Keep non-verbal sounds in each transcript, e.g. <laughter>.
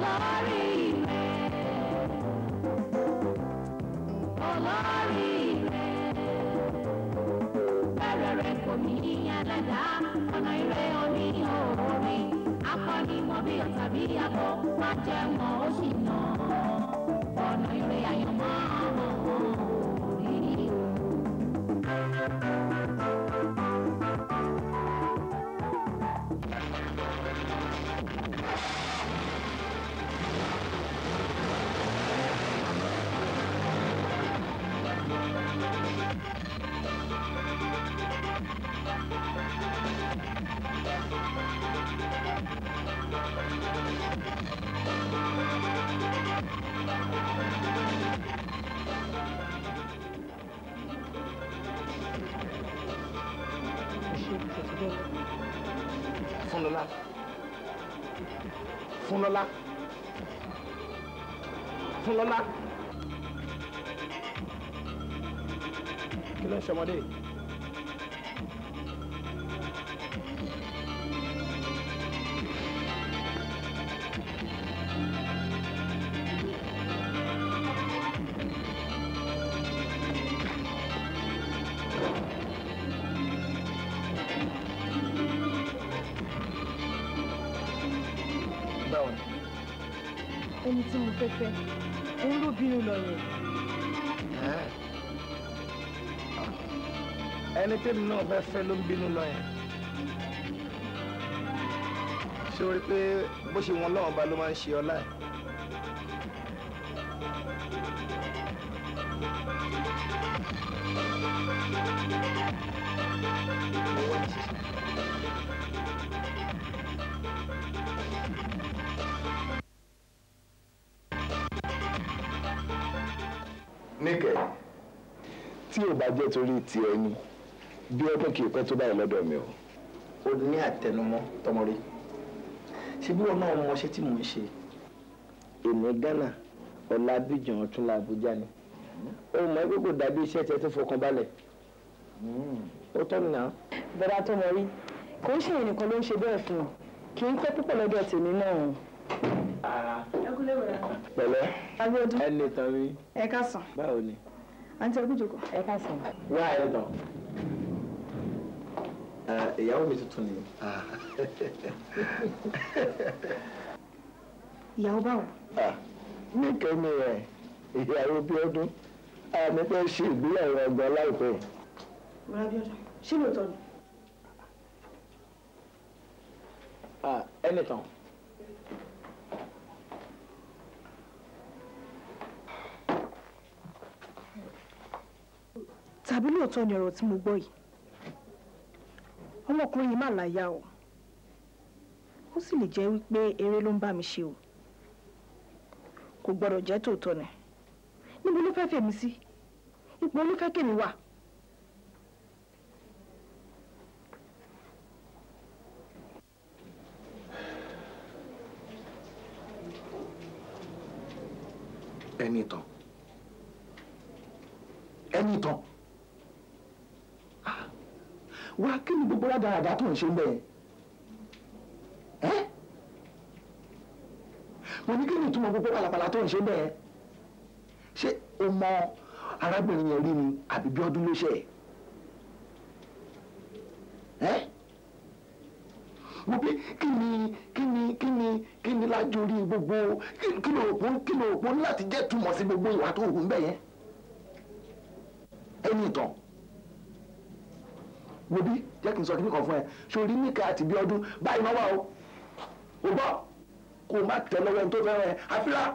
olórí rẹ olórí rẹ bẹ̀rẹ̀ rẹ kò ní ẹlẹ́dàá ọ̀nà ìrẹ́ oní òórí akọni mọ bí ọ̀tàbí akọ má jẹ́ mọ́ ó sì náà. Fundola. Fundola. Fundola. Kí ló ń ṣọmọdé anything náà fẹ́ fẹ́ ló ń bínú lọ yẹn. ṣé o rí one bó but wọn lọ́wọ́n ba ló níkẹ́ tí ò bá jẹ́ torí ti ẹni bí ọdún kì í pẹ́ tó báyìí lọ́dọ̀ mi o. o ní àtẹnumọ́ tọmọrí ṣé bí wọn náà mọ ṣé tí mò ń ṣe. èmi Ghana Ọlábíjan Ọ̀túnla Àbújá ni ó mọ ẹgbẹ́ kò dàbí iṣẹ́ tẹ tó fọkàn balẹ̀ hmm. ó tọ́ mi náà. bọ́dá tọmọrí kò ń ṣe ìnìkan ló ń ṣe bẹ́ẹ̀ fún un kì í pẹ́ púpọ̀ lọ́dọ̀ tèmi náà ẹkúlẹ̀ wẹ̀rẹ̀. pẹ̀lẹ́ abiodun ẹni tán mi. ẹ ká sàn. báwo ni. àǹtí ẹkújòkó. ẹ ká sàn. wá ẹ dàn. ìyàwó mi tuntun ni. <laughs> ìyàwó báwo. ní kẹ́mi rẹ̀ ìyàwó bí ọdún àmì pé ṣe ìgbéyàwó ọgbọ́n láìpẹ́. rárá bí ọdún ṣé lóòótọ́ ni. ẹnìtàn. tàbí lóòótọ́ ni ọ̀rọ̀ tí mo gbọ́ yìí ọmọkùnrin yìí mà láyà o ó sì lè jẹ́ wípé eré ló ń bá mi ṣe o kò gbọ́dọ̀ jẹ́ tòótọ́ ni níbo ló fẹ́ fèmí sí ipò ló fẹ́ kèmí wà. Ẹnìtàn Ẹnìtàn wá kí ni gbogbo rádaràdà tó ń ṣe mẹ́ẹ̀ ẹ́ mo ní kí ni ìtumọ̀ gbogbo pàlàpàlà tó ń ṣe mẹ́ẹ̀ ṣé o mọ arábìnrin yẹn rí ni àbí bí ọdún ló ṣe ẹ́ mo bí kí ni kí ni kí ni kí ni lájọ rí gbogbo kí ni òpó kí ni òpó láti jẹ́ túmọ̀ sí gbogbo ìwà tó ń bẹ̀ yẹn ẹni ìtàn wo bí jẹ́ kí n sọ kí n kàn fún ẹ sórí níkà àti bí ọdún báyìí náà wà o ò bọ̀ kó o má tẹ lọ́wọ́ ẹni tó fẹ́ràn ẹ àfihàn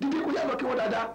dídí kú yàtọ̀ kí wọ́n dáadáa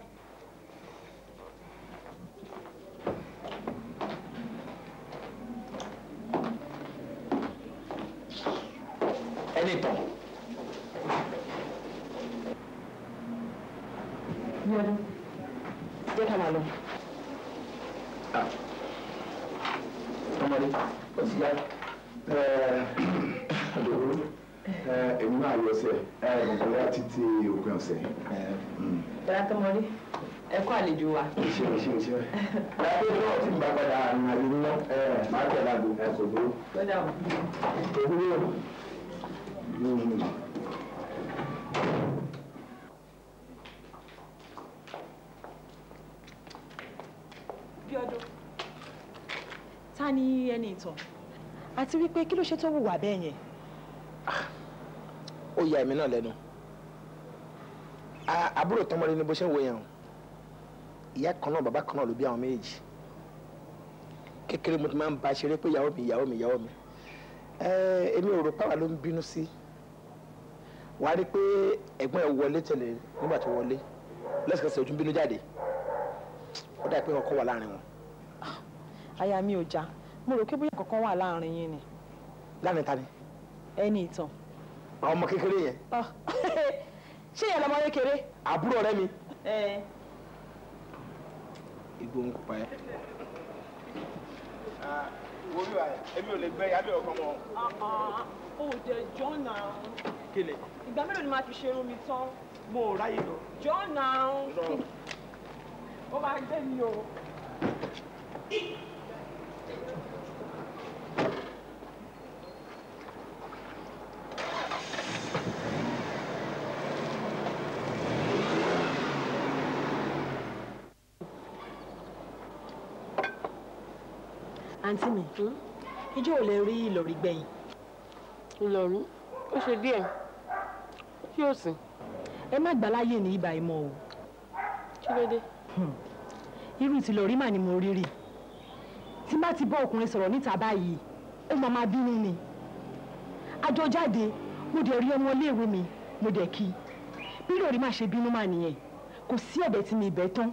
gbàlejò wa. ṣe o ṣe o ṣe o láti ọjọ́ tí n bá padà àrùn àbí ńlọ máa tẹ̀ lágbo ẹ̀kọ́ o. òwúrò bí ọdún ta ni ẹni ìtàn àti wípé kí ló ṣe tó wùwà bẹ́ẹ̀ yẹn. Ah, ó ya èmi náà lẹ́nu àbúrò tọmọdé ni bó ṣe ń wo yẹn o ìyá kan náà bàbá kan náà ló bí àwọn méjì kékeré mo ti máa ń ba ṣeré pé ìyàwó mi ìyàwó mi ìyàwó mi èmi ò rò páwa ló ń bínú sí wà á rí i pé ẹ̀gbọ́n ẹ̀ wọlé tẹ̀lé nígbà tó wọlé lẹ́sẹ̀kẹsẹ̀ ojú ń bínú jáde ó dà pé ọkọ wà láàrin wọn. Ah, aya mi ò já mo rò pé bóyá kankan wà láàrin yín ni. láàrin ta ni. ẹni ìtàn. àwọn ọmọ kékeré yẹn. Ah, <laughs> ṣé ìyá lọmọ kékeré. àbúrò rẹ mi igbó ń pa ẹ́. orí ah, wa èmi ò lè gbẹ yàrá ọkọ wọn. o dẹ jọ́nà. kele. ìgbà mélòó ni màá fi ṣe irun mi tán. mo ò ráyè lọ. jọ́nà. ó máa gbé mi o. àǹtí mi ìjọ hmm? ò lè rí ìlọ̀rí gbẹ̀yìn. ìlọ̀rí ó ṣe díẹ̀ kí ó sìn. ẹ má gbà ní ibà ìmọ̀ o. kí ló dé. Hmm. irú ti lọ̀rí mà ni mo rí rí tí má ti bá ọkùnrin sọ̀rọ̀ níta báyìí ó máa máa bínú ni. àjọ jáde mo dẹ̀ rí ọmọ iléèwé mi mo dẹ̀ kí bí lórí má ṣe bínú mà nìyẹn kò sí ẹ̀bẹ̀ tí mi bẹ̀ tán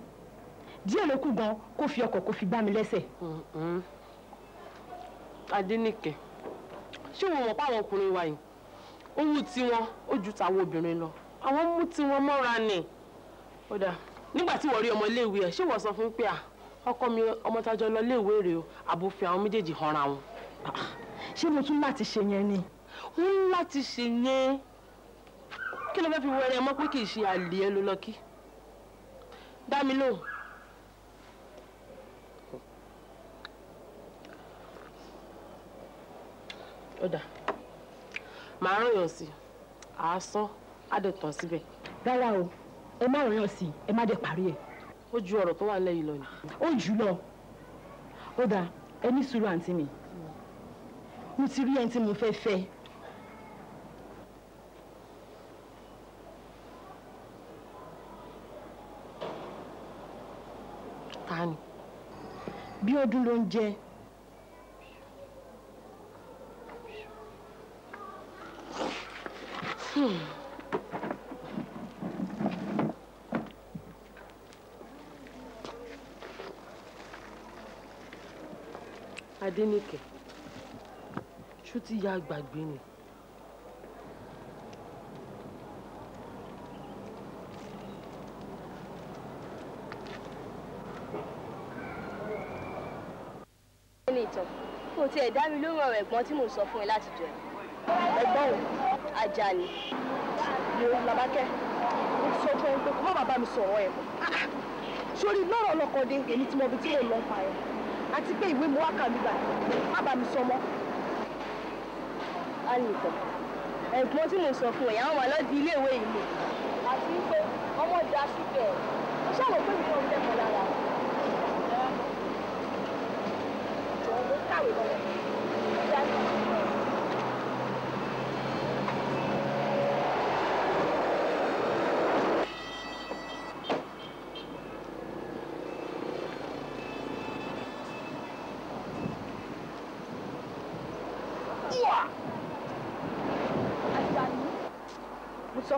díẹ̀ ló kù gan kó fi ọkọ̀ kó fi gbá mi lẹ́sẹ̀. Hmm, Adénìkẹ́ ṣé wọn mọ̀ páwọn ọkùnrin wa yìí owó tiwọn ó ju tàwọn obìnrin lọ àwọn mú tiwọn mọ́ra ni ó dáa nígbà tí wọ́n rí ọmọ iléèwé ẹ̀ ṣé wọ́n sọ fún pé à ọkọ mi ọmọ tájọ lọ iléèwé rèé o àbòfin àwọn méjèèjì hanra wọn. ṣé mo tún láti ṣe yẹn ni. ń láti ṣe yẹn kí ló fẹ́ fi wọ ẹrẹ mọ́ pé kì í ṣe àlè ẹ ló lọ kí dá ọ̀dà màá ràn yàn sí àásán á dẹ̀ tán síbẹ̀. rárá o ẹ má ràn yàn sí ẹ má dẹ̀ parí ẹ̀. ó ju ọ̀rọ̀ tó wà lẹ́yìn lọ ni. ó jù lọ ó dáa ẹ ní sùúrù àǹtí mi mo ti rí ẹni tí mo fẹ́ fẹ́. bí ọdún ló ń jẹ́ Hmm. Adéníkẹ́, ṣó ti ya gbàgbé ni? kò tiẹ̀ dá mi lóhùn ọ̀rọ̀ ẹ̀gbọ́n tí mò ń sọ fún ẹ láti jọ ẹ̀gbọ́n o. Àjàní ìrora làbákẹ́ sọjọ́ ẹ mi sọ̀rọ̀ ẹ̀ ah, ah. sórí lọ́rọ̀ ọlọ́kọ̀dé èmi tí mo bi tí mo lọ pa ẹ̀ àti pé ìwé mo wá gbà má bàá mi sọ ẹ̀gbọ́n tí mo sọ fún ẹ̀yà wọn wà lọ́dí iléèwé yìí mọ̀ àti pé ọmọ ìdásí bẹ̀rẹ̀ ó ṣàlọ́ pé mi ò fẹ́ mọ̀ lára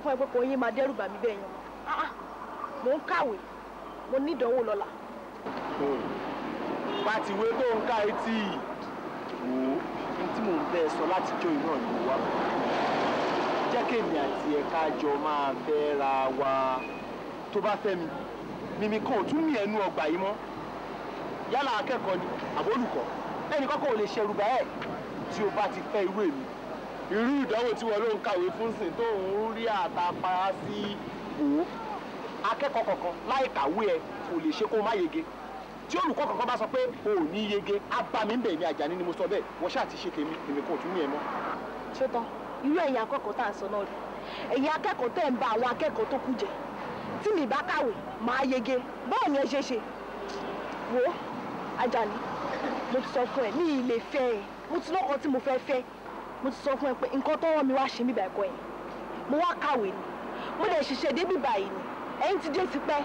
fún ẹ pé kò yín máa dẹ́rù bà mí bẹ́ẹ̀ yẹn ah, ah, mò ń kàwé mo ní ìdánwò lọ́la. pàtìwé hmm. tó ń ká etí wò ó ní tí mò ń bẹ́ẹ̀ sọ láti jó iná ìlú wa jẹ́ kéèmí àti ẹ̀ka jọ máa fẹ́ ra wa tó bá fẹ́ mi mímí kan ò tún mí ẹnu ọgbà yìí mọ́ yálà akẹ́kọ̀ọ́ ni àbólùkọ́ ẹnì kọ́kọ́ ò lè ṣerú bá ẹ̀ tí o bá ti fẹ́ irú èmi irú ìdánwò tí wọn ló ń kàwé fún sìn tó ń rí àtàpàrà sí wò ó akẹ́kọ̀ọ́ kankan láì kàwé ẹ kò lè ṣe kó má yege tí olùkọ́ kankan bá sọ pé o ò ní yege á bá mi bẹ̀ ní Àjàní ni mo sọ bẹ́ẹ̀ wọ́n ṣáà ti ṣe tèmi èmi kò tún mú ẹ mọ́. ṣé irú ẹ̀yin akẹ́kọ̀ọ́ tá à ń sọ náà rí ẹ̀yin akẹ́kọ̀ọ́ tẹ̀ ń ba àwọn akẹ́kọ̀ọ́ tó kù jẹ tí mi bá kàwé máa yege báwo ni ẹ ṣe ṣe wo Àjàní mo ti sọ fún ẹ ní ilé fẹ́ ẹ mo ti lọ́kọ̀ọ́ tí mo fẹ́ fẹ́ mo ti sọ fún ẹ pé nǹkan tọ́wọ́ mi wá ṣe mí báyìí kọ́ yẹn mo wá kàwé ni mo lè ṣiṣẹ́ débì báyìí ni ẹ̀yin ti dé tipẹ́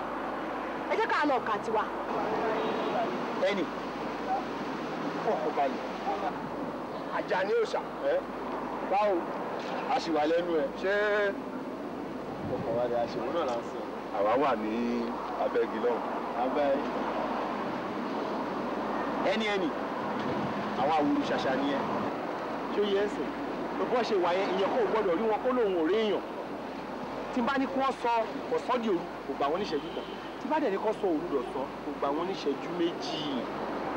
ẹ jẹ́ ká lọ kà tiwa. ẹnì ọkọ balẹ̀ Àjàní òòṣà báwo a sì wà lẹ́nu ẹ̀ ṣé ọkọ̀ wa rẹ̀ àṣewọ́n náà là ń àwa wà ní abẹ́gi lọ́hùn. abẹ́ ẹni ẹni àwọn àwòrán ṣàṣà ni ẹ ṣó yẹ ẹsìn bọ́ ṣe wà yẹn ìyẹn kò gbọ́dọ̀ rí wọn kó lóun ò réèyàn tí n bá ní kí wọ́n sọ ọ̀sán di òru kò gbà wọ́n níṣẹ́jú kan tí bá dẹ̀ ní kó sọ òru dọ̀sán kò gbà wọ́n níṣẹ́jú méjì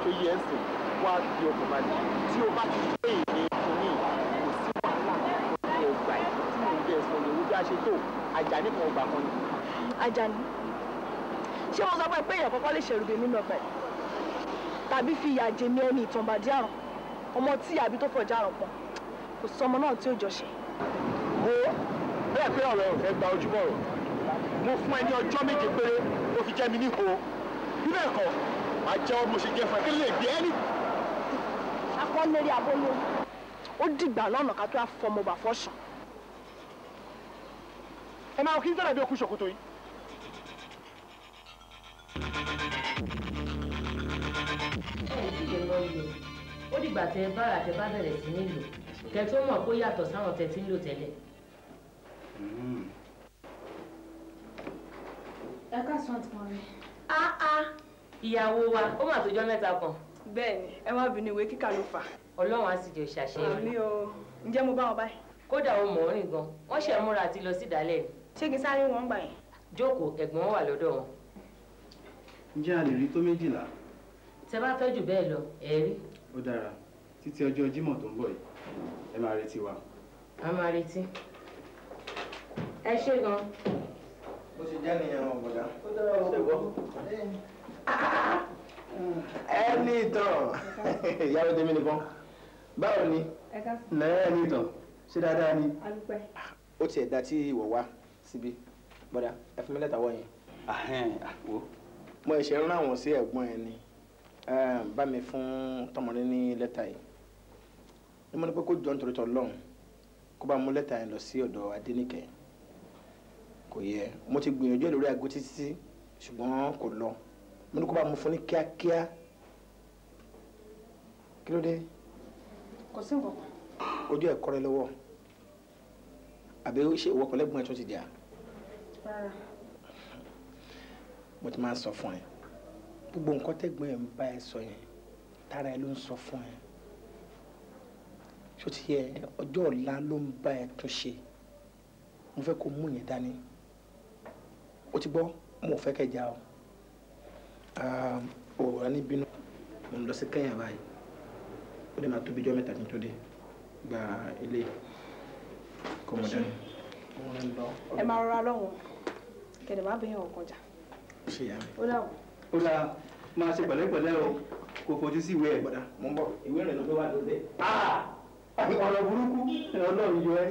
ṣó yẹ ẹsìn wá di ọkọ̀ balẹ̀ tí o bá ti dé èyí kìíní kò sí wàhálà kò gbà ẹ̀ tí mo bẹ̀ sọ lè wo bí a ṣe tó Àjàní kan ọgbà kan ni. Àjàní ṣé wọn sọ pé èèyàn kọ́kọ́ lè ṣèrùbẹ̀mí náà pẹ̀ tàbí fi ìyà jẹ mí ẹni ìtàn ọmọ tí àbí tó fọjá rọ pọn kò sọ ọmọ náà tí ò jọṣe. mo bẹ́ẹ̀ pé ọ̀rọ̀ ẹ̀ fẹ́ gba ojúbọ̀ rọ̀ mo fún ẹ ní ọjọ́ méje péré ó fi jẹ́ mi níko bí bẹ́ẹ̀ kọ́ máa jẹ́ ọmọ ṣe jẹ́ fún ẹ kí lè gbé ẹ ní. akọ́lérí abóyún. ó dìgbà lọ́nà ká tó a fọmọ bà fọ́ṣàn. ẹ máa kí n tọ́lá bí okùn ṣòkòtò yìí. Thank you. ó dìgbà tẹ bá rà tẹ bá bẹ̀rẹ̀ sí ní lò kẹ tó mọ̀ kó yàtọ̀ sáwọn tẹ ti ń lò tẹ́lẹ̀. ẹ ká sọ àǹtí mọ́ mi. ìyàwó wa ó mà tó jọ́ mẹ́ta kan. bẹ́ẹ̀ni ẹ má bínú ìwé kíkà ló fà. Ọlọ́run á sì jẹ́ ṣàṣeyọrí. àmì o ǹjẹ́ mo bá wọn báyìí. kódà ó mọ̀ ọ́ rìn gan wọ́n ṣẹ̀ múra àti lọ sí ìdálẹ́. ni. ṣé kí sáré wọn gbà yẹn. jókòó ẹ̀gbọ́n wà lọ́dọ̀ wọn. ǹjẹ́ a lè rí tó méjìlá. tẹ bá fẹ́ jù bẹ́ẹ̀ lọ ẹ̀ẹ́rí ó dára títí ọjọ́ Jímọ̀ tó ń bọ̀ yìí ẹ máa retí wa. a máa retí ẹ ṣe gan. bó ṣe já nìyẹn wọn bọ̀dá. ó dára ó ṣe bọ́. ẹ ní ìtàn ìyàwó tèmi nìkan báwo ni náírà ní ìtàn ṣé dáadáa ni. ó tiẹ̀ dá tí ìwọ̀ wá síbi bọ́dá ẹ fún mi lẹ́tà wọ̀nyẹn. mo ẹ̀ṣẹ̀ ń rán àwọn sí ẹ̀gbọ́n ẹ ni bá mi fún tọmọdé ní lẹ́tà yìí ní mo ní pé kó jọ nítorí tọ lọ́hùn kó bá mú lẹ́tà yẹn lọ sí ọ̀dọ̀ Adéníkẹ́ kò yẹ mo ti gbìyànjú ẹ̀ lórí aago títí ṣùgbọ́n kò lọ mo ní kó bá mú fún ní kíákíá kí ló dé. kò sí nǹkan kan. ojú ẹ̀ kọ́rẹ́ lọ́wọ́ àbí ṣe ìwọ pẹ̀lẹ́gbọ̀n ẹ̀ tún ti dì á. mo ti máa ń sọ fún ẹ gbogbo nǹkan tẹ́gbọ́n ẹ̀ ń bá ẹ sọ yẹn tára ẹ ló ń sọ fún ẹ ṣòtí yẹ ọjọ́ ọ̀la ló ń bá ẹ tún ṣe mo fẹ́ kó mú yẹn dání o ti gbọ́ mo fẹ́ kẹja o òwúrọ̀ ní bínú mo ń lọ sí kẹ́yìn báyìí ó lè máa tóbi jọ́ mẹ́ta kí tó dé gba ilé kó mo ẹ máa rọra lọ́wọ́ kẹ̀dẹ̀ má bẹ̀yàn ọ̀kan jà ó dàbọ̀ ó dáa máa ṣe pẹ̀lẹ́pẹ̀lẹ́ o kò fojú sí ìwé ẹ̀ gbọ́dá mo ń bọ̀ ìwé rẹ̀ wà lóde. Ah! ọ̀rọ̀ burúkú ọlọ́run yọ ẹ́.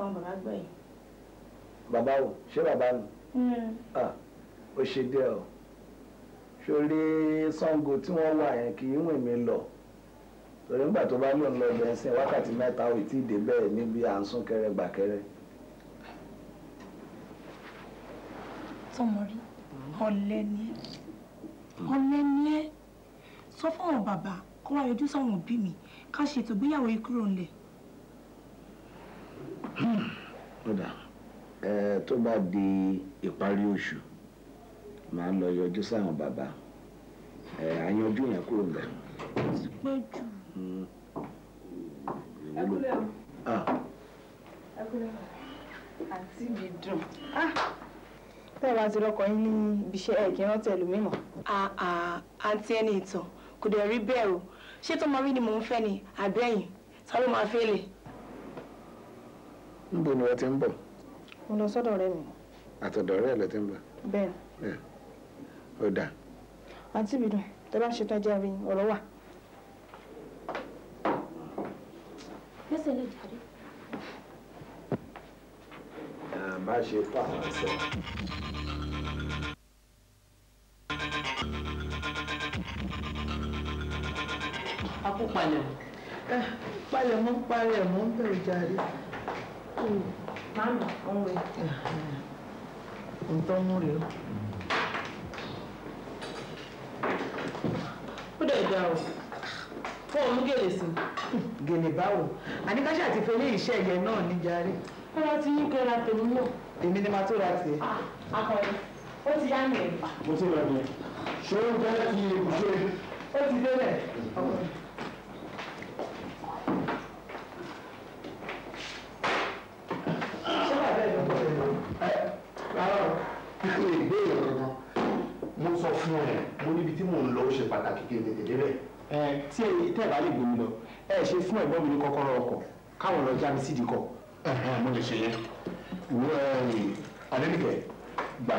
àwọn bàbá gbẹ̀yìn. bàbá wo ṣé bàbá nù. Hmm. ó ṣe dé ọ sórí Ṣàngó tí wọ́n wà yẹn kì í wìn mí lọ torí nígbà tó bá lóun lọ bẹ̀rẹ̀ sí wákàtí mẹ́ta ò tí ì dé bẹ́ẹ̀ níbi à ń sún kẹrẹ gbàkẹrẹ. tọmọrí hmm. ọ̀lẹ ni ẹ hmm. ọ̀lẹ ni ẹ sọ fún àwọn bàbá kó wá yọjú sáwọn òbí mi ká ṣètò ìgbéyàwó yìí kúrò ọ̀dà tó bá di ìparí oṣù màá lọ yọjú sáwọn bàbá àyanjú yẹn kúrò ń bẹ. ti pẹ́ jù. Hmm. ẹkúlẹ̀ o ẹkúlẹ̀ o àǹtí mi dùn tẹ́ ẹ bá ti rọkọ̀ yín ní ibiṣẹ́ ẹ̀ kí rántí ẹlòmíì mọ̀. àǹtí ẹni ìtàn kò dẹ̀ rí bẹ́ẹ̀ o ṣé tó máa rí ni mò ń fẹ́ ni àbẹ́yìn ta ló máa fẹ́ lè níbo ni wọ́n ti ń bọ̀. mo lọ sọ́dọ̀ ọ̀rẹ́ mi. àtọ̀dọ̀ ọ̀rẹ́ rẹ ti ń bọ̀. bẹ́ẹ̀. ó dáa. àǹtí mi dùn tẹ bá ń ṣetán ẹjẹ rí ọ̀rọ̀ wà. gbèsè lè jáde. àmà ṣe pààrọ̀ sọ. akópalẹ̀. palẹ̀ mọ́ palẹ̀ mọ́ bẹ̀rẹ̀ jáde. Mami, òun rè. Nǹkan mú rè o. Ó dẹ̀ dá o. Fún òun gèlè sí. Gèlè báwo? Àníkáṣà àti Fẹ́lẹ́ ìṣẹ́ ẹ̀yẹ náà ní jàre. Ó lọ ti yín kẹ́ra tèmi náà. Èmi ni màá tó ra tiẹ̀. Ah, Akọni, ó ti yá mi. Mo ti rà mí. Ṣé o ń bẹ́ẹ̀ fi èbùsọ̀? Ó ti délẹ̀. Mm. Ọkùnrin. lè gbé èèyàn kankan mo sọ fún ẹ mo níbi tí mò ń lọ ó ṣe pàtàkì kí n tètè débẹ̀. ẹ tí ẹ tẹ ẹ bá lè gbòmí lọ ẹ ṣe fún ẹ̀gbọ́n mi ní kọ́kọ́rọ́ ọkọ̀ káwọn lọ já mi sídìí kọ. mo lè ṣe yẹn adẹnikẹ gbà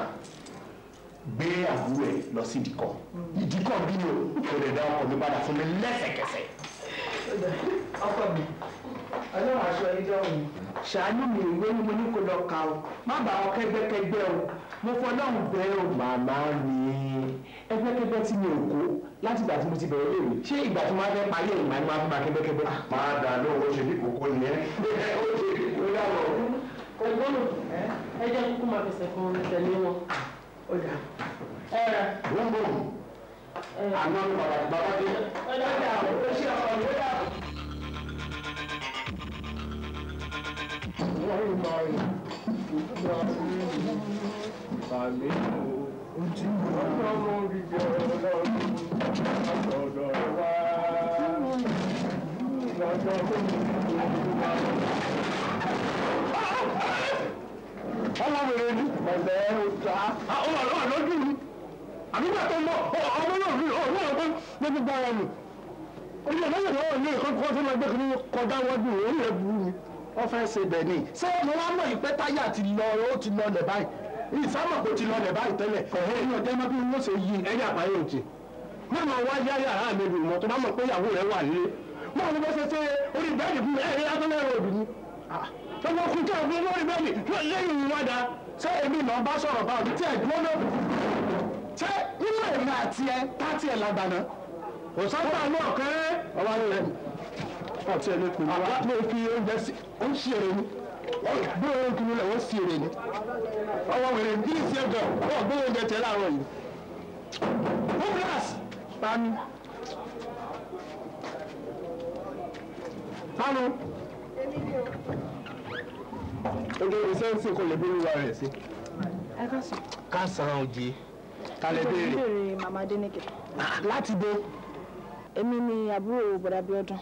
gbé àbúrò ẹ lọ sí ìdíkọ ìdíkọ bí o kò lè dá ọkọ mi padà fún mi lẹ́sẹ̀kẹsẹ̀. ọkọ mi ọlọ́run aṣọ ẹjọ́ òun ṣàánú mi ìwé ni mo ní kó lọ kà o má bà wọn kẹ́gbẹ́kẹ́gbẹ́ o mo fọlọ́run bẹ́ẹ̀ o. màmá mi ẹgbẹ́kẹ́gbẹ́ tí mi ò kó láti ìgbà tí mo ti bẹ̀rẹ̀ léèrè ṣé ìgbà tí fẹ́ parí ẹ̀yìn máa ń máa fi máa máa dà ṣe bí yàrá <laughs> o. ẹ jẹ́ máa fẹsẹ̀ fún mi tẹ̀lé wọn gbogbo ara nù orí ẹ̀ lọ́yẹ̀ lọ́wọ́ ní ìkọ́kọ́ tó máa gbé kiri kọjá wájú orí ẹ̀ burú ni wọ́n fẹ́ ṣe bẹ̀ ni ṣé mo wá mọ̀ yìí pé táyà ti lọ ó ti lọ lẹ̀ báyìí ìsámọ̀ kò ti lọ lẹ̀ báyìí tẹ́lẹ̀ ẹ̀yìn ọ̀jẹ́ má bí wọ́n ṣe yí ẹ̀yà àbáyé òjì mo máa wá yá yàrá mi lù mọ́ tó bá mọ̀ pé ìyàwó rẹ̀ wà nílé mo ní bó ṣe ṣe orí bẹ́ẹ̀dì fún ẹ̀yìn abẹ́lẹ̀ ròdù ni ọmọ ọkùnrin tí a fún lórí bẹ́ẹ̀dì lẹ́yìn ìwádà ṣé èmi náà bá sọ̀rọ̀ bá òbí tí ẹ̀ dúró náà ṣé nínú èmi àti ẹ tá tiẹ̀ lágbàna òṣàgbà náà kẹ́rẹ́ ọba rẹ̀ ọtí ẹni kò wá ní òfin oúnjẹ ń ṣe èrè ni bí òun kìlú lẹ̀ wọ́n ṣe èrè ni ọwọ́ wèrè bí ìṣe ẹ̀gàn wọ́n gbé oúnjẹ tẹ̀ láàárọ̀ yìí. homeless panu ojú ìṣe ń kò lè bí wíwá rẹ̀ sí. ẹ òjì ká béèrè. láti bo. èmi ni àbúrò bọ̀dà Bíọ́dún.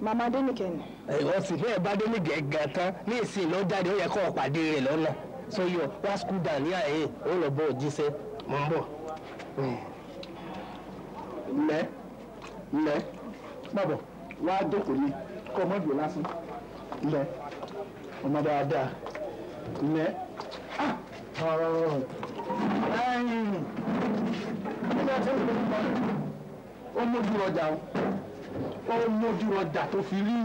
màmá dénìkẹ́ ni. sì bẹ́ẹ̀ bá dénìkẹ́ gan tán ní ìsìn ló jáde ó yẹ pàdé rẹ̀ so yọ wá ní àyè ó lọ bọ́ òjíṣẹ́ mọ̀ ń bọ̀. lẹ hmm. lẹ wá kọ́ ó lójú ọjà tó fi rí.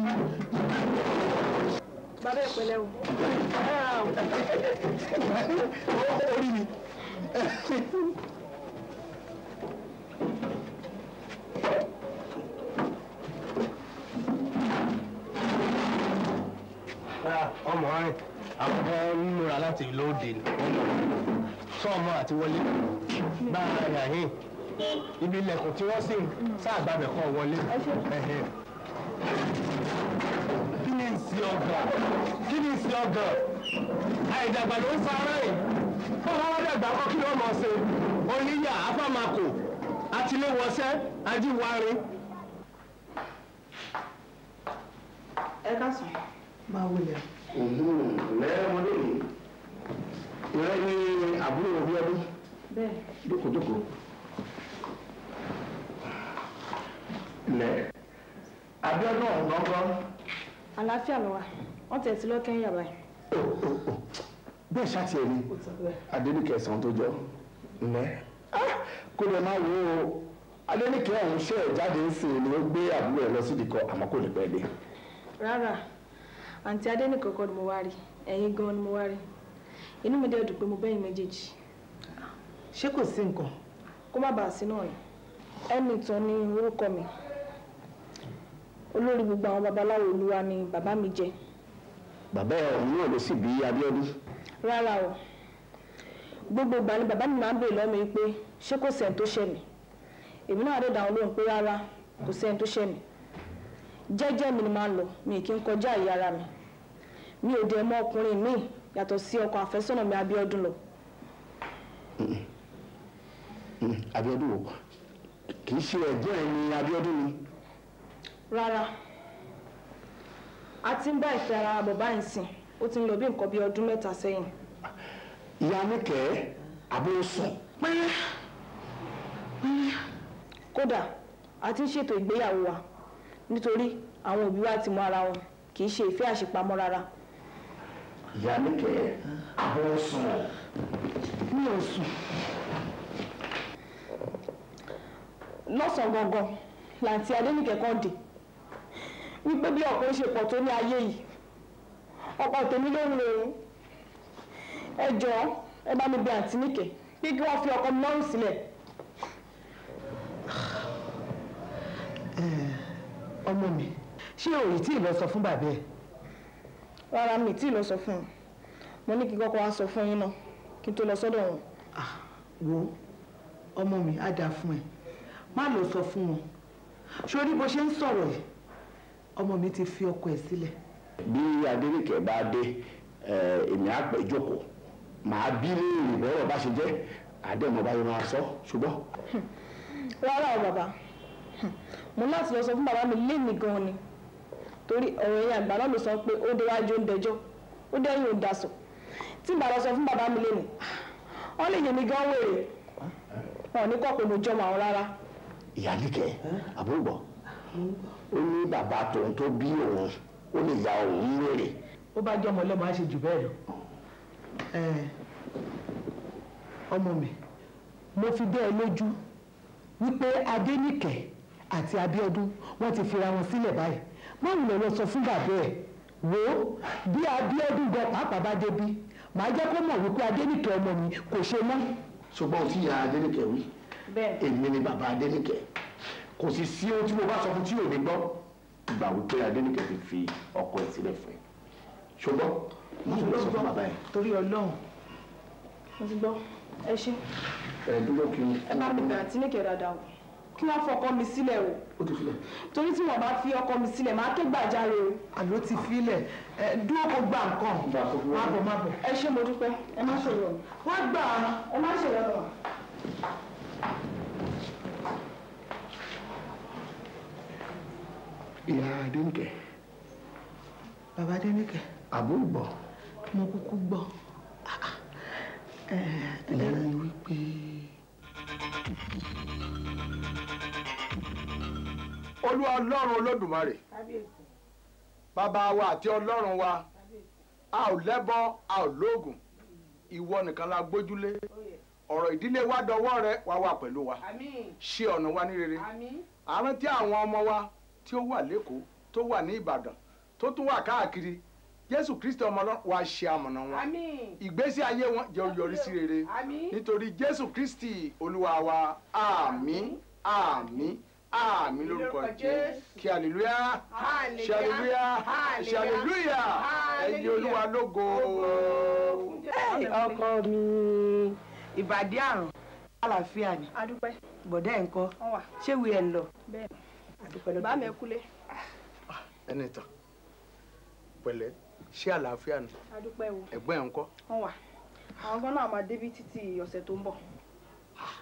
bàbá ìpínlẹ̀ o. orí mi. ọmọ rẹ àwọn múra láti lóde ni sọ ọmọ àti wọlé bá a rìn àhín ibi ilẹ̀kùn tí wọ́n sì sáàgbàbẹ̀ kọ́ wọlé. kí ni ń sí ọgàn kí ni ń sí ọgàn àìdàgbà ló ń sáré fọwọ́ wọn dàgbà kọ́ kí ló mọ̀ ṣe oníyà afámakò atiléwọṣẹ́ ajíwárí. ẹ ká sùn máa wọlé. lẹ́yìn ọmọdé yìí ìrẹ́ ni àbúrò òbí ọdún. bẹ́ẹ̀. jókòó jókòó. lẹ Abíọ́dún ọ̀hún gangan. àlàáfíà ló wà wọ́n tẹ̀ sí lọ́kẹ́ yàrá ẹ̀. bẹ́ẹ̀ ṣáàtì ẹ̀rí adénìkẹ́ tó jọ lẹ ah! K'o lè wo jáde ni o gbé àbúrò lọ ni mo wari, eyin mo wari, inu mi pe mo sí nǹkan. kó má ni orúkọ mi. olórí gbogbo àwọn babaláwo olúwa ni bàbá mi jẹ. bàbá ẹ ọ̀hún náà ló sì bí Abíọ́dún. rárá o gbogbo ìgbà ni bàbá mi máa ń bèèrè lọ́mọ yìí pé ṣé kò sẹ́ni tó èmi náà pé rárá kò sẹ́ni ni máa ń lọ mi kì í kọjá àyè ara mi mi ò ọkùnrin yàtọ̀ sí ọkọ àfẹ́sọ́nà mi lọ. o mm-hmm. mm-hmm. kì í ṣe ẹ̀gbọ́n ni ni. rárá a ti ń bá ìfẹ́ ara bàbá yìí sìn ó ti ń lọ bí nǹkan bíi ọdún mẹ́ta sẹ́yìn. ìyá nìkẹ́ àbó sùn. pẹ́yà pẹ́yà. kódà a ti ń ṣètò ìgbéyàwó wa nítorí àwọn òbí wa ti mọ ara wọn kì í ṣe ìfẹ́ àṣepamọ́ rárá. ìyá nìkẹ́ àbó sùn. mi ò sùn. lọ́sàn-án gangan làǹtí adẹ́nìkẹ́ kan dé wípé bí ọkùnrin ṣe pọ̀ tó ní ayé yìí ọ̀pọ̀ tèmi ló ń lo òun ẹ jọ ẹ bá mi bẹ àǹtí níkẹ bí kí wọ́n fi ọkọ mi lọ́rùn sílẹ̀. ọmọ mi ṣé o ì tí ì lọ sọ fún bàbá ẹ. rárá mi ì tí ì lọ sọ fún un mo ní kí kọ́kọ́ wá sọ fún yín náà kí n tó lọ sọ́dọ̀ wọn. Ah, wo ọmọ mi á dáa fún ẹ má lọ sọ fún wọn sórí bó ṣe ń sọ̀rọ̀ yìí ọmọ mi ti fi ọkọ ẹ̀ sílẹ̀. bí adéríkẹ bá dé eh, èmi á pẹ́ jókòó màá bí léèrè bọ́rọ̀ bá ṣe jẹ́ àdéhùn ọba máa sọ ṣùgbọ́n. rárá o bàbá mo láti lọ sọ fún bàbá mi gan ni torí ọ̀rọ̀ yẹn àgbà náà sọ pé ó déwájú ó sọ fún bàbá mi lè gan wèrè wọn ò ní kọ́ pé mo jọmọ àwọn rárá. ìyá ó ní bàbá tòun tó bí òun ó lè ya òun lóore. ó bá jẹ́ ọmọ ọlọ́mọ á ṣe jù bẹ́ẹ̀ lọ ọmọ mi mo fi dẹ́ ẹ lójú wípé adénìkẹ́ àti abíọ́dún wọ́n ti fira wọn sílẹ̀ báyìí márùn lọ́lọ́ sọ fún bàbá ẹ̀ wò ó bí abíọ́dún gan pàápàá bá débi màá jẹ́ kó mọ̀ wípé adénìkẹ́ ọmọ mi kò ṣe mọ́. ṣùgbọ́n o ti ya adénìkẹ́ wí èmi ni bàbá adénìkẹ́ kò sì sí ohun tí mo bá sọ fún tí ò ní gbọ́ gbà wípé adénìkẹ́ ti fi ọkọ ẹ̀ sílẹ̀ fún ẹ ṣùgbọ́n mo sì lọ sọ fún bàbá ẹ. torí ọlọ́run mo ti gbọ́ ẹ ṣe. ẹ dúró kí n. ẹ bá mi bẹ̀rẹ̀ àti níkẹ́ dáadáa o kí wọ́n fọkọ mi sílẹ̀ o. ó ti filẹ̀. torí tí wọ́n bá fi ọkọ mi sílẹ̀ máa ké gbàjáre o. àló ti filẹ̀ ẹ dúró kó gba nǹkan. má bọ̀ má bọ̀. ẹ ṣe mo dúpẹ́ ẹ má ṣòro. wọ́n gbà á ẹ má ṣòro. ìyá Adénìkẹ́. bàbá Adénìkẹ́. àbó gbọ́. mo kúkú gbọ́. lẹ́yìn ah, ah. wípé. olú ọlọ́run olódùmarè bàbá wa àti ọlọ́run wa a ò lẹ́bọ a ò lóògùn ìwọ nìkan la gbójúlé ọ̀rọ̀ ìdílé wa dọwọ́ rẹ wá wà pẹ̀lú wa ṣe ọ̀nà wa ní rere àrántí àwọn ọmọ wa tí ó wà lẹ́kọ̀ọ́ tó wà ní ìbàdàn tó tún wà káàkiri jésù kristi ọmọ ọlọ́run wàá ṣe amọ̀nà wọn ìgbésí ayé wọn jẹ́ òyọrí sí rere nítorí jésù kristi olúwa wa àmín àmín àmín lórúkọ jésù kí aleluya ṣe aleluya ṣe aleluya ẹyin olúwa lógo. ọkọ mi ìbàdí àrùn àlàáfíà ni bọ̀dẹ́ ńkọ́ ṣé wíyẹn lọ bá mi kúlé. Ah, ẹni tán pẹ̀lẹ́ ṣé àlàáfíà ni. adúpẹ́ o ẹ̀gbọ́n ẹ̀ ń kọ́. wọ́n wà àwọn gan náà máa débi títí ọ̀sẹ̀ tó ń bọ̀. Ah,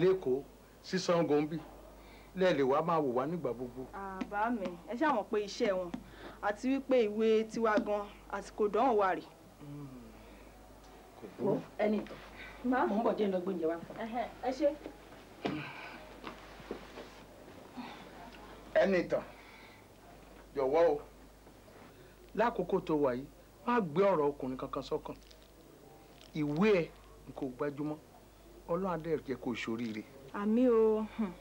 lẹ́kọ̀ọ́ sísan gombi lẹ́ẹ̀lẹ̀ wá máa wò wá nígbà gbogbo. àbá mi ẹ ṣáà mọ̀ pé iṣẹ́ wọn àti wípé ìwé tiwa gan àsìkò dánwò wa rè. Hmm, kò bó ẹni tó mò ń bọ̀ díẹ̀ lọ wa. ẹ ṣe. Ẹnìtàn jọ̀wọ́ o lákòókò tó wà yìí má gbé ọ̀rọ̀ ọkùnrin kankan sọ́kàn ìwé ẹ̀ n kò gbájúmọ́ ọlọ́run adé jẹ́ kó ṣoríire. àmì o hmm.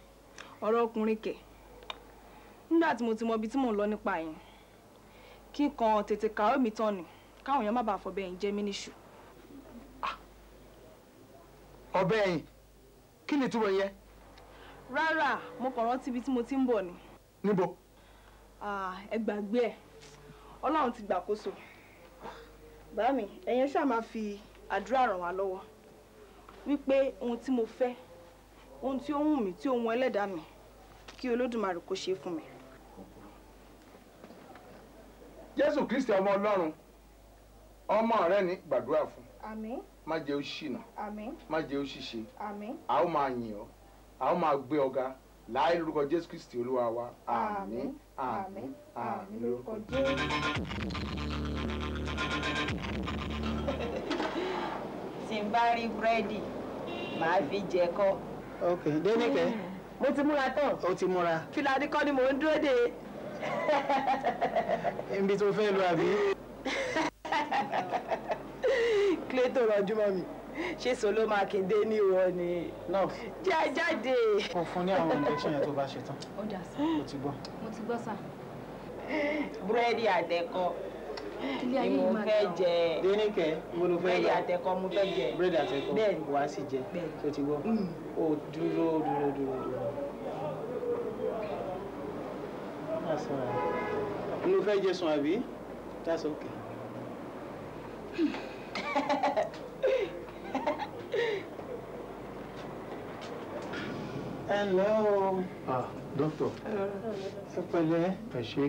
ọ̀rọ̀ ọkùnrin kẹ̀ nígbà tí mo ti mọ ibi tí mò ń lọ nípa yẹn kí n kan tètè kàwé mi tán ni káwọn èèyàn má bàa fọbẹ̀ yín jẹ mí níṣu. Ah! ọbẹ̀ yín kí ni túbọ̀ yẹn. rárá mo kàn rántí ibi tí mo ti ń bọ̀ ni níbo. ẹ gbàgbé ẹ ọlọ́run ti gbàkóso bàámi ẹ̀yin ṣáà máa fi àdúrà ràn wá lọ́wọ́ wípé ohun tí mo fẹ́ ohun tí ó wù mí tí ohun ẹlẹ́dàá mi kí olódùmarè kó ṣe fún mi. jésù kristi ọmọ ọlọ́run ọmọ rẹ ní gbàdúrà fún. àmín. má jẹ́ ó ṣìnà. àmín. má jẹ́ ó ṣìṣe. àmín. a ó máa yìn ọ́ a ó máa gbé ọ ga láì lórúkọ jésù kristi olúwa wa àmín àmín àmín lórúkọ jésù. tí n bá rí búrẹ́dì màá fi jẹ kọ́. ok dénìkẹ́. Mm. mo ti múra tán. o ti múra. fìlàní kọ́ ni mò ń dúró de. ibi tó fẹ́ lu àbí. kílé tó rọjú mọ́ mi ṣé solo mákindé ní ìwọ ni jẹ́ jáde. kò fún ní àwọn injection yẹn tó bá ṣe tán mo ti gbọ́. mo ti gbọ́ sà. búrẹ́dì àtẹ̀kọ́ ni mo fẹ́ jẹ. dénìkẹ́ mo ló fẹ́ jẹ. búrẹ́dì àtẹ̀kọ́ mo fẹ́ jẹ. búrẹ́dì àtẹ̀kọ́ wàá sì jẹ tó ti gbọ́. Mm. o dúró dúró dúró dúró. Mo fẹ́ jẹ sùn àbí? That's okay. <laughs> Hello. Ah, dókítà. ẹ pẹ̀lẹ́. ẹ ṣe.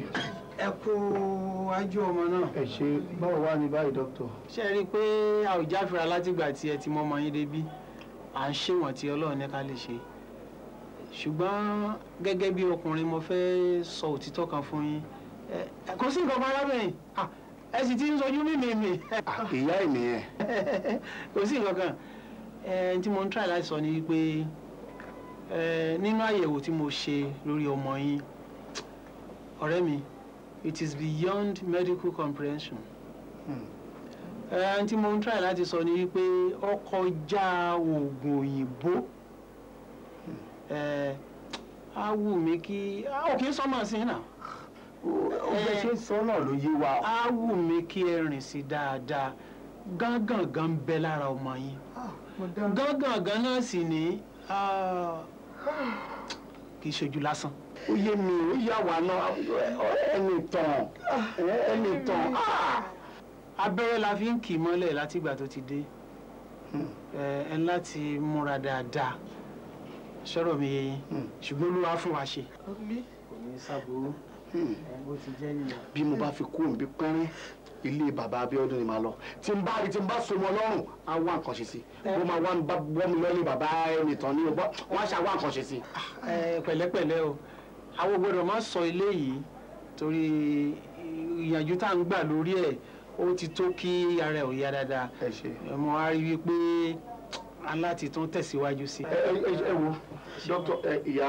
ẹ kú ajú ọmọ náà. ẹ ṣe báwo wá ní báyìí dókítà. ṣé ẹ rí i pé a ò jáfira látìgbà tí ẹ ti mọ ọmọ yín débí à ń ṣèwọ̀n tí ọlọ́run ní ká lè ṣe ṣùgbọ́n gẹ́gẹ́ bí ọkùnrin mo fẹ́ sọ òtítọ́ kan fún yín kò sí nǹkan fún arábìnrin ẹ sì ti ń sọjú mímìmì. Ah, ìyá ènìyàn. kò sí nǹkan kan tí mo ń try láti sọ ni pé nínú àyẹ̀wò tí mo ṣe lórí ọmọ yín ọ̀rẹ́ mi it is beyond medical comprehension. Hmm. tí mo ń try láti sọ ni pé ó kọjá oògùn òyìnbó hmm. á wù kí ó kì sí náà ọgbẹ́ eh. ṣe ń sọ náà ló yé wa. á wù mí kí ẹ rìn sí dáadáa gángangan ń bẹ lára ọmọ yín ah, gángangan náà sì ní ah, kì í ṣojú lásán. ó yé mi ó yà wá náà ẹni tàn ẹni tàn. Ah, abẹ́rẹ́ la fi ń kì í mọ́lẹ̀ látìgbà tó ti dé hmm. eh, ẹ láti múra dáadáa sọ̀rọ̀ mi yẹ yín hmm. ṣùgbọ́n olúwa fún wa ṣe. kò ní sábòrò bí mo bá fi kú òǹbí pẹ́rín ilé bàbá Abíọ́dún ni màá lọ tí n bá rí tí n bá so mọ́ lọ́rùn á wá nǹkan ṣe sí bó máa wá ń bá bọ́ mi lọ́lé bàbá ẹnìtàn ní ọgbọ́n wọ́n á ṣe àwá nǹkan ṣe sí. pẹ̀lẹ́pẹ̀lẹ́ o àwọn gbọ́dọ̀ má sọ ilé yìí torí ìyànjú tá à ń gbà lórí ẹ̀ ó ti tó kí ara ẹ̀ ò yá dáadáa ọmọ wa rí i pé aláti tún tẹ̀síwájú sí. ẹ ẹ wo dókítà ìyá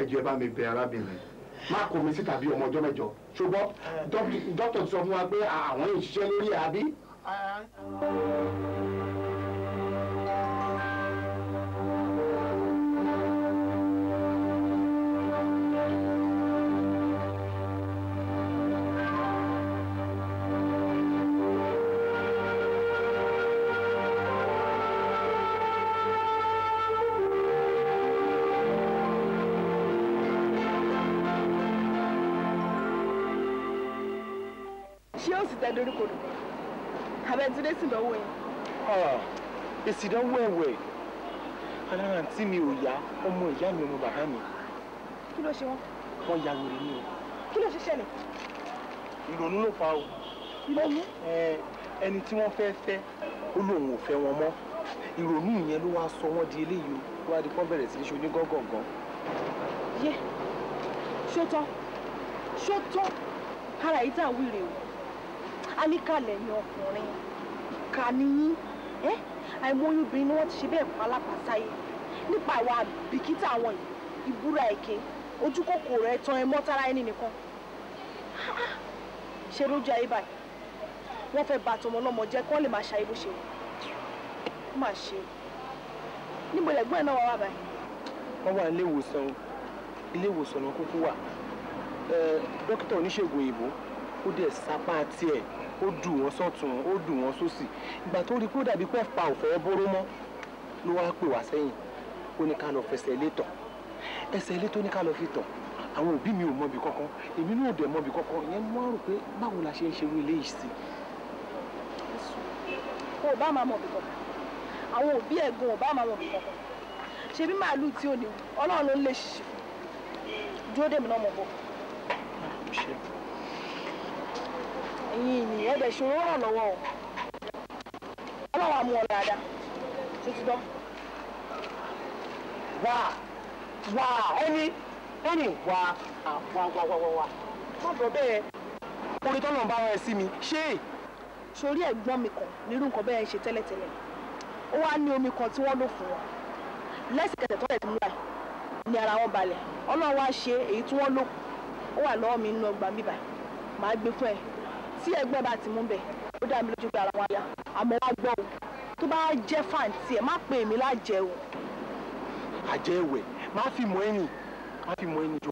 ẹjọ ẹ bá mi bẹ arábìnrin má kó mi sí tàbí ọmọ ọjọ́ mẹ́jọ ṣùgbọ́n eh. dókítà ti sọ fún wa pé àwọn yìí ṣiṣẹ́ lórí àbí. Eh. èsì ìdánwò ẹ̀wẹ̀ alára àǹtí mi ò yá ọmọ ìyá mi ọmọ bàbá mi. kí ló ṣe wọn. wọn ya wèrè ni o. kí ló ṣe ṣẹlẹ̀. ìrònú ló fa o. ìrònú. ẹni tí wọ́n fẹ́ fẹ́ ó lóun ò fẹ́ wọn mọ́ ìrònú yẹn ló wáá sọ wọ́n di eléyìí o wáá di kán bẹ̀rẹ̀ sí í ṣe onígọ́gọ̀gàn. yé ṣótọ́ ṣótọ́ ara yìí dà wíìrì o a ní kalẹ̀ yín ọkùnrin kà níyín àìmọye obìnrin ni wọ́n ti ṣe bẹ́ẹ̀ pa alápàsáyé nípa àwọn àbìkítà àwọn ìbúra èké ojú kòkòrò ẹ̀ tan ẹmọ́ tára ẹni nìkan ṣe lójú ayé báyìí wọ́n fẹ́ ba àtọmọ ọlọ́mọ jẹ́ kí wọ́n lè máa ṣàyè bó ṣe wọ́n máa ṣe níbo lẹ́gbọ́n ẹ̀ náà wà wà báyìí. wọ́n wà nílé ìwòsàn ilé ìwòsàn náà kúkú wà dókítà oníṣègùn òyìnbó ó dù wọ́n sọ́tún ó dù wọ́n sósì ìgbà tó rí i pé ó dàbí pé ọ̀pá òfẹ́ bóró mọ́ ló wá pè wá sẹ́yìn ó ní ká lọ fẹsẹ̀ ilé tọ̀ ẹsẹ̀ ilé tó ní ká lọ fi tọ̀ àwọn òbí mi ò mọbi kankan èmi náà ò dẹ̀ mọbi kankan ìyẹn ni rò pé báwo la ṣe ń ṣerú ilé yìí sí. o bá máa mọbi kankan àwọn òbí ẹ̀gbọ́n ò bá máa mọbi kankan ṣebí màálù tí ò ní ọlọ́run ló ń lè ṣiṣẹ́ dúró dèmi náà mọ̀ bọ̀. Ah, ẹ̀yin ni ẹ bẹ̀ ṣòro ràn lọ́wọ́ o ọlọ́wà mú ọ dáadáa títí dán. wà wà ẹni ẹni wà wà wà wà wà wà má bọ̀ bẹ́ẹ̀ orí tọ́lọ̀ ń bá wọn ẹ̀ sí mi ṣé. sórí ẹ̀gbọ́n mi kan nírú nǹkan bẹ́ẹ̀ ṣe tẹ́lẹ̀tẹ́lẹ̀ ó wá ní omi kan tí wọ́n lò fún wa lẹ́sẹ̀kẹsẹ̀ tọ́lẹ̀ ti múra ní ara wọn balẹ̀ ọlọ́run ṣe èyí tí wọ́n lò ó wà lọ́wọ́ mi nínú ọgbà mi báyìí màá gbé fún ẹ tí ẹ̀gbọ́n bá ti mú bẹ̀ ó dá mi lójú pé ara wọn yá àmọ́ wá gbọ́ o tó bá jẹ́ fàǹtì ẹ̀ má pè mí lájẹ́ o. àjẹ́ ìwẹ̀ má fi mọ ẹ̀yìn má fi mọ ẹ̀yìn jọ.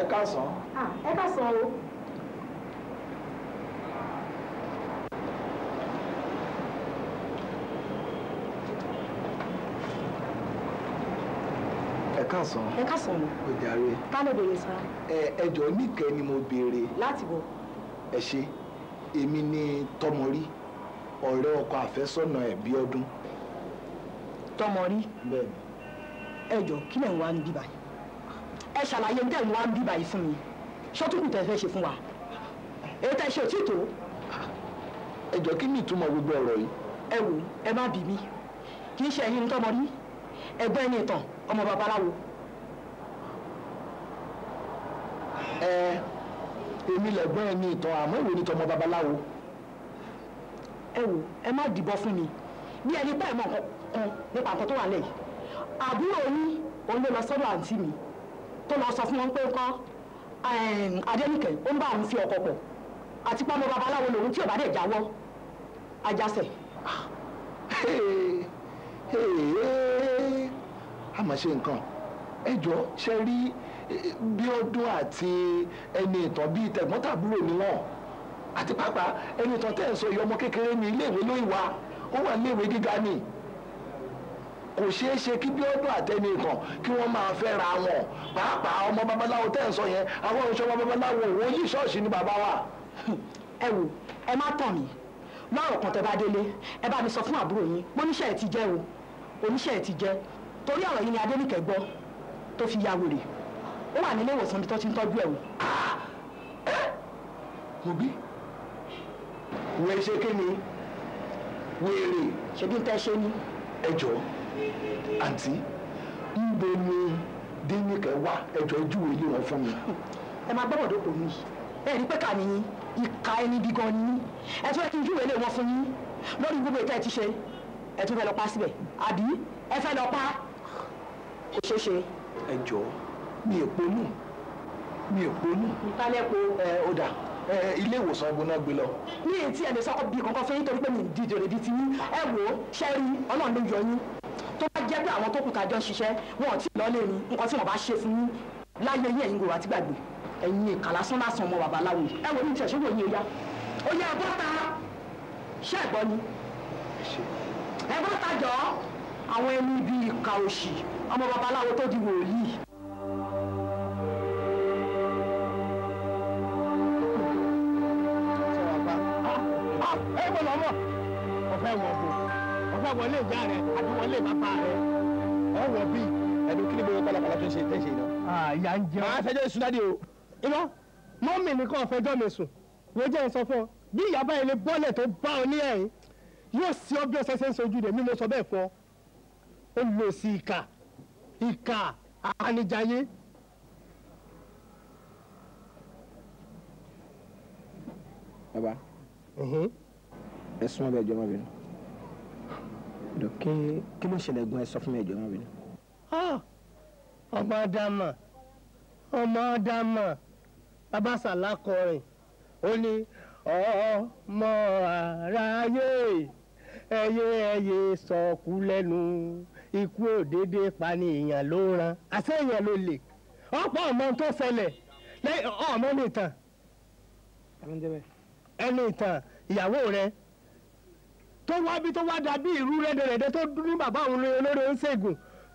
ẹ káàsán ẹ ká sọ o. ẹ káàsán. ẹ káàsán mi. o jàre. ta ló béèrè sá. ẹ ẹjọ níkẹ ni mo béèrè. láti bọ. ẹ ṣe èmi ni tọmọrí ọ̀rẹ́ ọkọ àfẹ́sọ́nà ẹ bí ọdún. tọmọrí. bẹ́ẹ̀ni. ẹjọ kí lẹ ń wá níbí báyìí. ẹ ṣàlàyé ń tẹ̀ ń wá níbí báyìí fún mi ṣọ́túkù tẹ̀ fẹ́ ṣe fún wa èyí tẹ̀ ṣe ò tí tó. ẹ jọ kí ni ìtumọ̀ gbogbo ọ̀rọ̀ yìí. ẹ wò ẹ má bì mí kì í ṣe ẹ̀yin tọmọ rí ẹgbẹ́ ẹni ìtàn ọmọ babaláwo. ẹ èmi lẹ̀gbọ́n ẹni ìtàn àmọ́ èwo ni tọmọ babaláwo. ẹ wò ẹ má dìbọn fún mi bí ẹni bẹ́ẹ̀ mọ̀ kan nípa nǹkan tó wà lẹ́yìn àbúrò yín òun ló lọ sọ́dọ̀ àǹtí mi tó lọ sọ fún wọn pé ń kọ́ adẹnikẹ ó ń bá òun fi ọkọ pọ̀ àti pàmò babaláwo lòun tí ò bá dẹ̀ jáwọ́ ajásẹ̀. a máa ṣe nǹkan ẹ jọ ṣe rí eh, bí ọdún àti ẹni ìtàn bíi tẹ̀gbọ́ntàbúrò ni wọ́n àti pàápàá ẹni ìtàn tẹ̀ ń sọ ìyọmọ kékeré ní iléèwé wa. ó wà níléèwé gíga ni kò ṣeé ṣe kí Bíọ́dún àtẹni kan kí wọ́n máa fẹ́ ra wọn pàápàá ọmọ babaláwo tẹ́ ń sọ yẹn àwọn oníṣẹ́ ọmọ babaláwo òun yí ṣọ́ọ̀ṣì ni bàbá wa. ẹ wò ẹ má tàn mí lọ́rọ̀ kan tẹ́ bá délé ẹ bá mi sọ fún àbúrò yín mo níṣẹ́ ẹ̀ ti jẹ́ o oníṣẹ́ ẹ̀ ti jẹ́ torí ọ̀rọ̀ yìí ni Adéníkẹ́ gbọ́ tó fi ya wèrè ó wà nílé ìwòsàn ibi tó ti ń tọ́jú ẹ̀ wò. mo bí wẹ́ẹ́ ṣe kí ni wèrè àǹtí níbo ni dénìkẹ́ wá ẹjọ́ ìjúwe ilé wọn fún mi. ẹ máa gbọ́ bọ̀dọ̀ kò ní ẹ rí pẹ́ka ni yín ìka ẹni bí gan ni yín ẹ tún yẹ kí n júwe ilé wọn fún yín lórí gbogbo ìta ẹ ti ṣe ẹ tún fẹ́ lọ pa síbẹ̀ àbí ẹ fẹ́ lọ pa kò ṣeé ṣe. ẹ jọ mi èpo nù mi èpo nù. ìtàlẹ́po ẹ ọ̀dà ilé ìwòsàn ibo náà gbé lọ. ní èyí tí ẹ̀ lè sọ́kọ́ bí kankan fún yín torí pé mi ìdíje rẹ̀ bí ti ní ẹ wò ó ṣẹ́rí ọlọ́run ló yọ yín kódà àwọn tó kù tàjọ ṣiṣẹ́ wọn ò tí ì lọ́lé ni nǹkan tí wọ́n bá ṣe fún yín láyé yín ẹ̀yin gòrò àti gbàgbé ẹ̀yin ìkà lásán lásán ọmọ babaláwo ẹ wò ní ìtẹ̀ ṣé wò yín ẹ̀yà ó yẹ ẹ bọ́ta ṣé ẹ gbọ́ ni ẹ bọ́ta jọ àwọn ẹni bíi ìkà òṣì ọmọ babaláwo tó di wòlíì. Ah, ah, ẹ gbọ́dọ̀ mọ̀ ọ̀fẹ́ wọ̀ ọ̀fẹ́ wọlé ìyá rẹ̀ àti wọlé bàbá rẹ̀ ọ̀rọ̀ bí ẹ̀dùn kí ni gbogbo pàlàpàlà tó ń ṣe tẹ́ ṣe iná. àyà ń jẹun. màá fẹjọ́ sùn dáadé o. irọ́ mọ́mì nìkan fẹjọ́ mi sùn wọ́n jẹ́ sọ fún ọ bí ìyá báyìí lè bọ́lẹ̀ tó bá ọ ní ẹ̀yìn yóò sí ọ bí ọsẹ ṣe ń sojú rẹ̀ mímọ sọ bẹ́ẹ̀ fún ọ. ó lò sí ìkà ìkà ànijayé. bàbá ẹ̀sùn ọbẹ̀ ìjọba bìnrin dókè kí ló ṣẹlẹ̀ gan ẹ sọ fún mi ẹjọ́ mọ́bìnrin. Ah! ọmọ dàmà ọmọ dàmà bàbá sàlá kọrin ó ní ọmọ aráyé ẹyẹ ẹyẹ sọkú lẹ́nu ikú òdédé pani èèyàn ló ran àṣẹ èèyàn ló lè ọ̀pọ̀ ọmọ tó ṣẹlẹ̀ ọmọ nìtàn ẹni ìtàn ìyàwó rẹ̀ tó wá bí tó wá rẹ́dẹ̀rẹ́dẹ́ tó ní bàbá òun olóró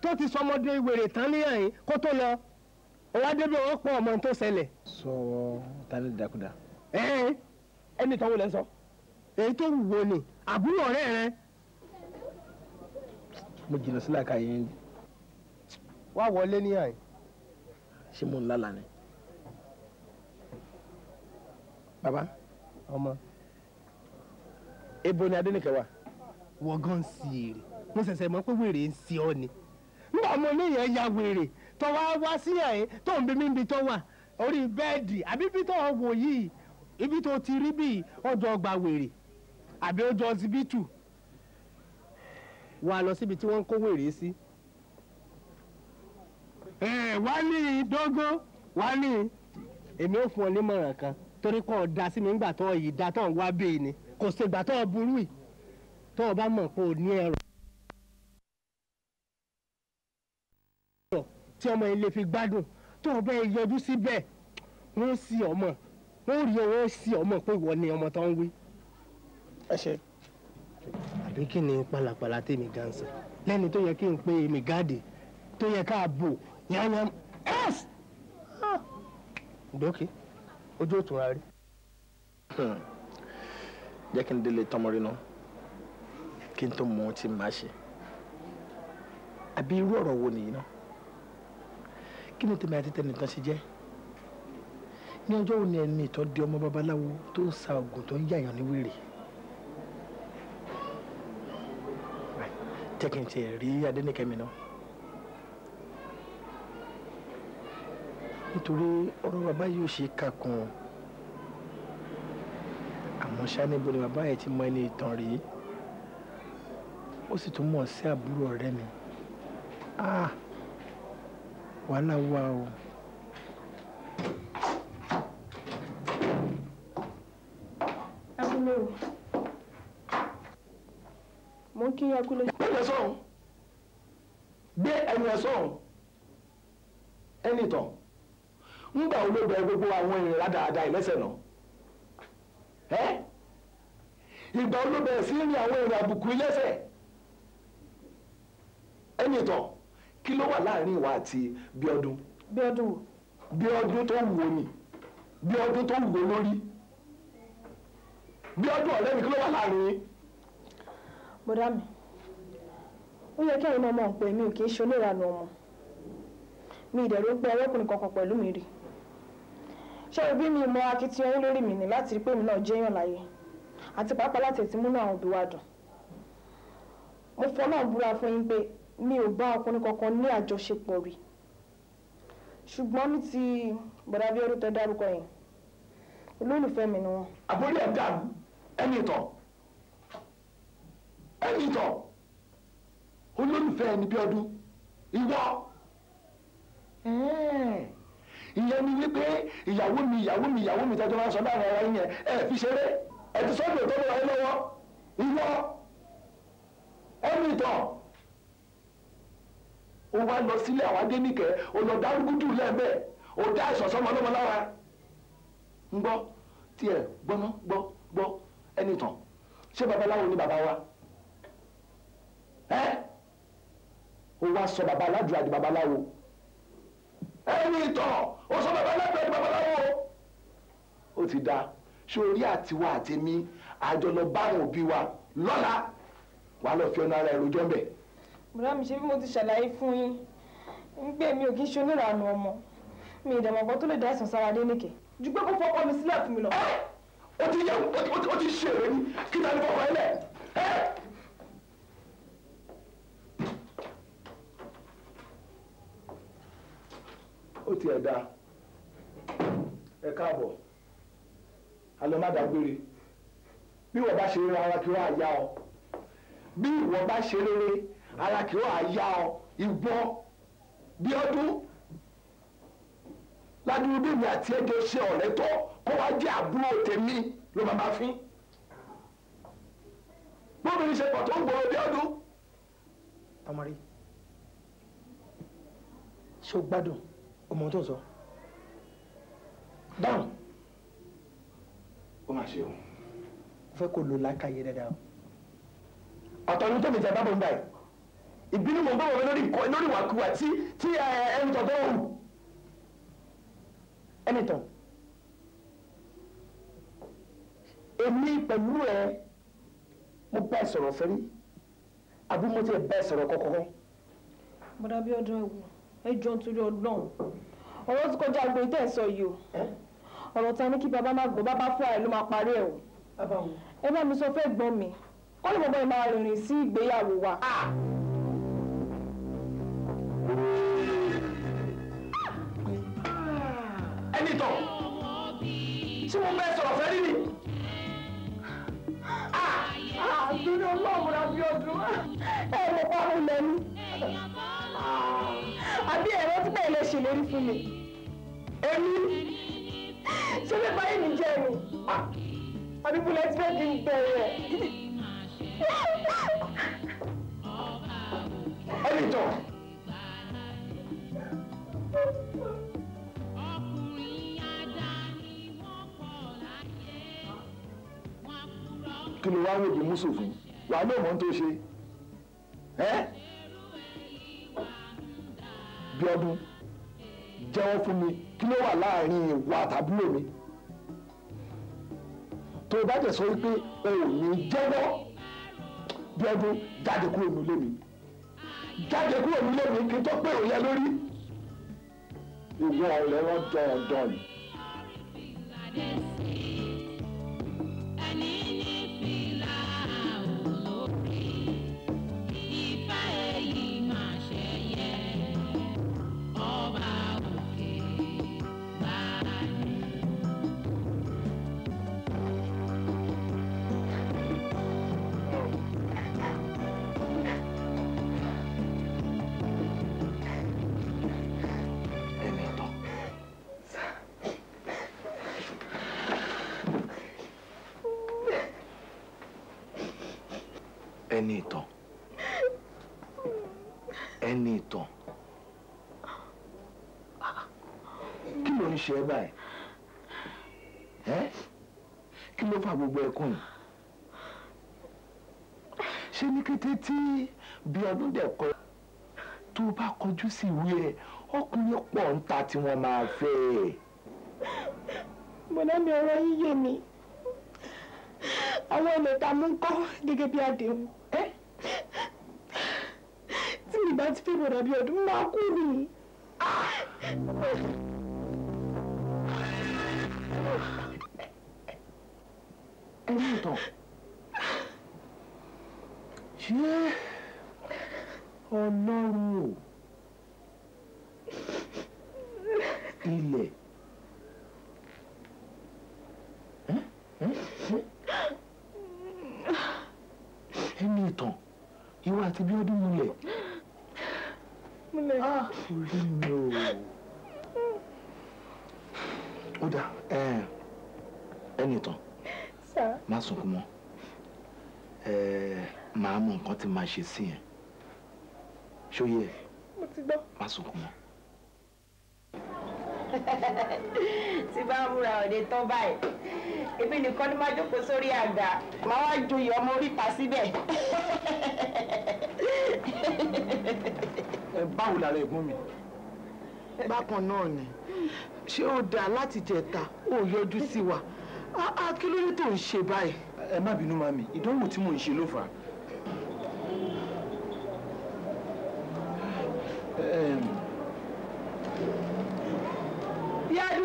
tó ti sọmọdé wèrè tán ní yín kó tó lọ ọwá débi pọ̀ ọmọ tó sẹlẹ̀. tani ẹni sọ èyí tó wù ni àbúrò ọ̀rẹ́ rẹ. mo jìnnà sílẹ̀ ká wá wọlé baba. ọmọ. ebo ni adẹnìkẹ wa. wọ́n gan sí mo pé wèrè sí ọ ni nígbà mo níyẹn ya wèrè tó wá wá sí ẹ̀ tó ń tó wà orí bẹ́ẹ̀dì àbí bí yìí ibi tó ti rí bí ọjọ́ ọgbà wèrè àbí ọjọ ọsibítù wà lọ síbi tí ń kó wèrè sí. ẹ wá ní dógó wá ní èmi ò fún ọ ni. kò ṣègbà tó o burú yìí tó o bá mọ̀ pé o ní ẹ̀rọ. tí ọmọ ilé fi gbádùn tó o bá yọjú síbẹ̀ wọ́n sì ọmọ wọ́n rí owó sí ọmọ pé ìwọ ni ọmọ tó ń wí. ẹ ṣe. àbí kí ni pàlàpàlà tèmi gan sọ lẹ́ni tó yẹ kí n pe èmi gáàdì tó yẹ ká bò yányán ah! dókè ojú òtún wa rí. Hmm jẹ́ kí n délé tọmọrí náà kí n tó mọ ohun tí n máa ṣe àbí irú ọ̀rọ̀ wo nìyí náà kí ni tèmi àti tẹnìkan ṣe jẹ́ ní ọjọ́ wo ni ẹni ìtọ́ di ọmọ babaláwo tó ń sa oògùn tó ń yàyàn ní wèrè jẹ́ kí n tiẹ̀ rí adẹ́nìkẹ́mi náà nítorí ọ̀rọ̀ bàbá yóò ṣe kakùn ọ́ àmọ́ ṣá níbo ni bàbá yẹn ti mọ ẹni ìtàn rèé ó sì tún mọ̀ sí àbúrò ọ̀rẹ́ mi ah, wàhálà wà o. abúlé o mo ń kí akúlé. gbé ẹ̀yẹ sọ̀hún gbé ẹ̀yẹ sọ̀hún ẹnì tán ń gbà olóògbé gbogbo àwọn ìrìn ládàáda ìlẹ́sẹ̀ náà. ìgbà olóbẹ̀rẹ̀ sí rìn àwọn èrò àbùkù ilẹ́sẹ̀ ẹni tán kí ló wà láàrin ìwà àti Bíọ́dún. Bíọ́dún wò. Bíọ́dún tó wù ní Bíọ́dún tó wù lórí Bíọ́dún ọ̀rẹ́ mi kí ló wà láàrin. mi ó yẹ kí ọ̀pẹ mi ò kì í mi ìdẹ̀rù pé kankan pẹ̀lú mi rí ṣé mi mọ akitiyan lórí mi ní láti rí pé àti pàápàá láti ẹ̀tí múnú àwọn òbí wa dùn mo fọlọ́n búra fún yín pé mi ò bá ọkùnrin kankan ní àjọṣepọ̀ rí ṣùgbọ́n ní ti bọ̀dà Abíọ́dún tó dárúkọ yẹn olólùfẹ́ mi ni wọ́n. àbúrò ẹ̀ dàrú ẹni ìtọ̀ ẹni ìtọ̀ olólùfẹ́ ẹni bí ọdún ìwọ ìyẹn ni wípé ìyàwó mi ìyàwó mi ìyàwó mi tẹ́jọ́ máa ń sọ láàrin ara yẹn ẹ fi ṣeré ẹtù sọ́dọ̀ tó lọ́wọ́ ẹ lọ́wọ́ ìwọ ẹnìtàn ó wá lọ sílé àwọn adéníkẹ́ olùdarúgúdù lẹ́ẹ̀mẹ́ ó dá ìṣọ̀ṣọ́ ọmọ ọlọ́mọ lára ń gbọ́ tiẹ̀ gbọ́ná gbọ́ gbọ́ ẹnìtàn ṣé babaláwo ni bàbá wa ẹ ó wá sọ bàbá aládùúrà di babaláwo ẹnìtàn ó sọ bàbá aládùúrà di babaláwo ó ti dáa sórí àtiwá àtẹmí àjọ lọ bá àwọn òbí wa lọ́la wàá lọ fi ọ̀nà ara ìròjọ́ mbẹ̀. bùrọ̀ mi ṣe bí mo ti ṣàlàyé fún yín ń gbé mi ò kí ń ṣe onírànù ọmọ mi ìdàmọ̀gbọ́n tó lè dá ẹ̀sùn sára dé nìkẹ́ ju pé kó fọkọ mi sílẹ̀ fún mi lọ. ó ti yẹ ó ti ṣe èrè ni kí ta ni fọkọ ẹ lẹ. ó ti ẹ̀ dáa ẹ káàbọ̀ alọ́ má dàgbére bí wọ́n bá ṣe rere ara kí wọ́n á yá ọ bí wọ́n bá ṣe rere ara kí wọ́n á yá ọ ìwọ bí ọdún ládùúgbò bí mi àti ẹjọ ṣe ọ̀rẹ́ tọ́ kó wá jẹ́ àbúrò tèmi ló máa máa fín bóbi ṣe pọ̀ tó ń gbòòrò bí ọdún. tamari ṣé o gbádùn ọmọ tó ń sọ dáhùn ó mà ṣe o. mo fẹ́ kó lo làákàyè dáadáa o. ọ̀tọ̀ ni tóbi tẹ bábọ̀ ń báyìí ìbínú mo gbọ́dọ̀ lórí lórí ìwàkuwà tí tí ẹni tọ̀ tó wù ẹni tọ̀ èmi pẹ̀lú ẹ mo bá ẹ sọ̀rọ̀ fẹ́rí àbí mo ti bá sọ̀rọ̀ kọ́kọ́kọ́. bọ́dà bí ọdún ẹ̀wù ẹ jọ nítorí ọlọ́run ọ̀rọ̀ ti kọjá gbé tẹ̀ sọ yìí o ọ̀rọ̀ ta ni kí bàbá má gbọ́ bàbá fúnra ẹ̀ ló máa parí ẹ̀ o. ẹ bá mi sọ fẹ́ gbọ́n mi kọ́ ló bàbá ẹ̀ máa rìnrìn sí ìgbéyàwó wa. Ah! Ah! ẹni tọ̀ tí mo bẹ sọ̀rọ̀ fẹ́ rí ni. Ah! àtúndì ọlọ́run àbí ọdún ẹ̀ lè pa òun lẹ́nu àbí ẹ̀rọ tí bẹ́ẹ̀ lè ṣèlérí fún mi. èmi ṣé lè báyìí mi jẹ́ ni àdúgbò lẹ́tí fẹ́ kí n bẹ̀rẹ̀. ẹnì tán. kí ló wá wò bí mùsùlùmí wàá lè mọ̀ tó ṣe bí ọdún jẹ́wọ́ fún mi kí ló wà láàrin ìwà àtàbúrò mi tó o bá jẹ sọ wípé o ò ní jẹ́wọ́ bí ọdún jáde kúrò nílé mi jáde kúrò nílé mi kí n tó pé òye lórí ìwọ ọ̀rẹ́ wọn dán ọ̀dán yìí. ṣe ẹ́ báyìí ẹ́ kí ló fa gbogbo ẹkún yìí ṣé ní kété tí bí ọdún dẹ̀ kọ́ tó bá kọjú sí ìwé ẹ ọkùnrin pọ̀ ń ta tí wọ́n máa fẹ́ ẹ. bọ̀dá mi ọ̀rọ̀ yín mi àwọn ọ̀nà tá a mú kọ́ gẹ́gẹ́ bí àdéhùn tí mi bá ti fi bọ̀dà bí ọdún máa kú nìyí. Onítàn. Ṣé ọlọ́run o? Ilẹ̀. Ẹni ìtàn, ìwà àti te ọdún múlẹ̀. Múlẹ̀. Ah, orí mi o. Ó dà, ẹni ìtàn má sunkún mọ́ màá mọ nǹkan tí màá ṣe sí yẹn ṣóyè ẹ má sunkún mọ́. <laughs> tí bá múra òde tán báyìí èmi nìkan ló máa jókòó sórí àga máa wá joyè ọmọ oríta síbẹ̀. ẹ báwo lára ẹ̀gbọ́n mi. bákan náà ni ṣé ó dáa láti jẹ̀ta ó yọjú sí wa kí ló dé tó ń ṣe báyìí. ẹ má bínú mami ìdánwò tí mò ń ṣe ló fà á. Bíadú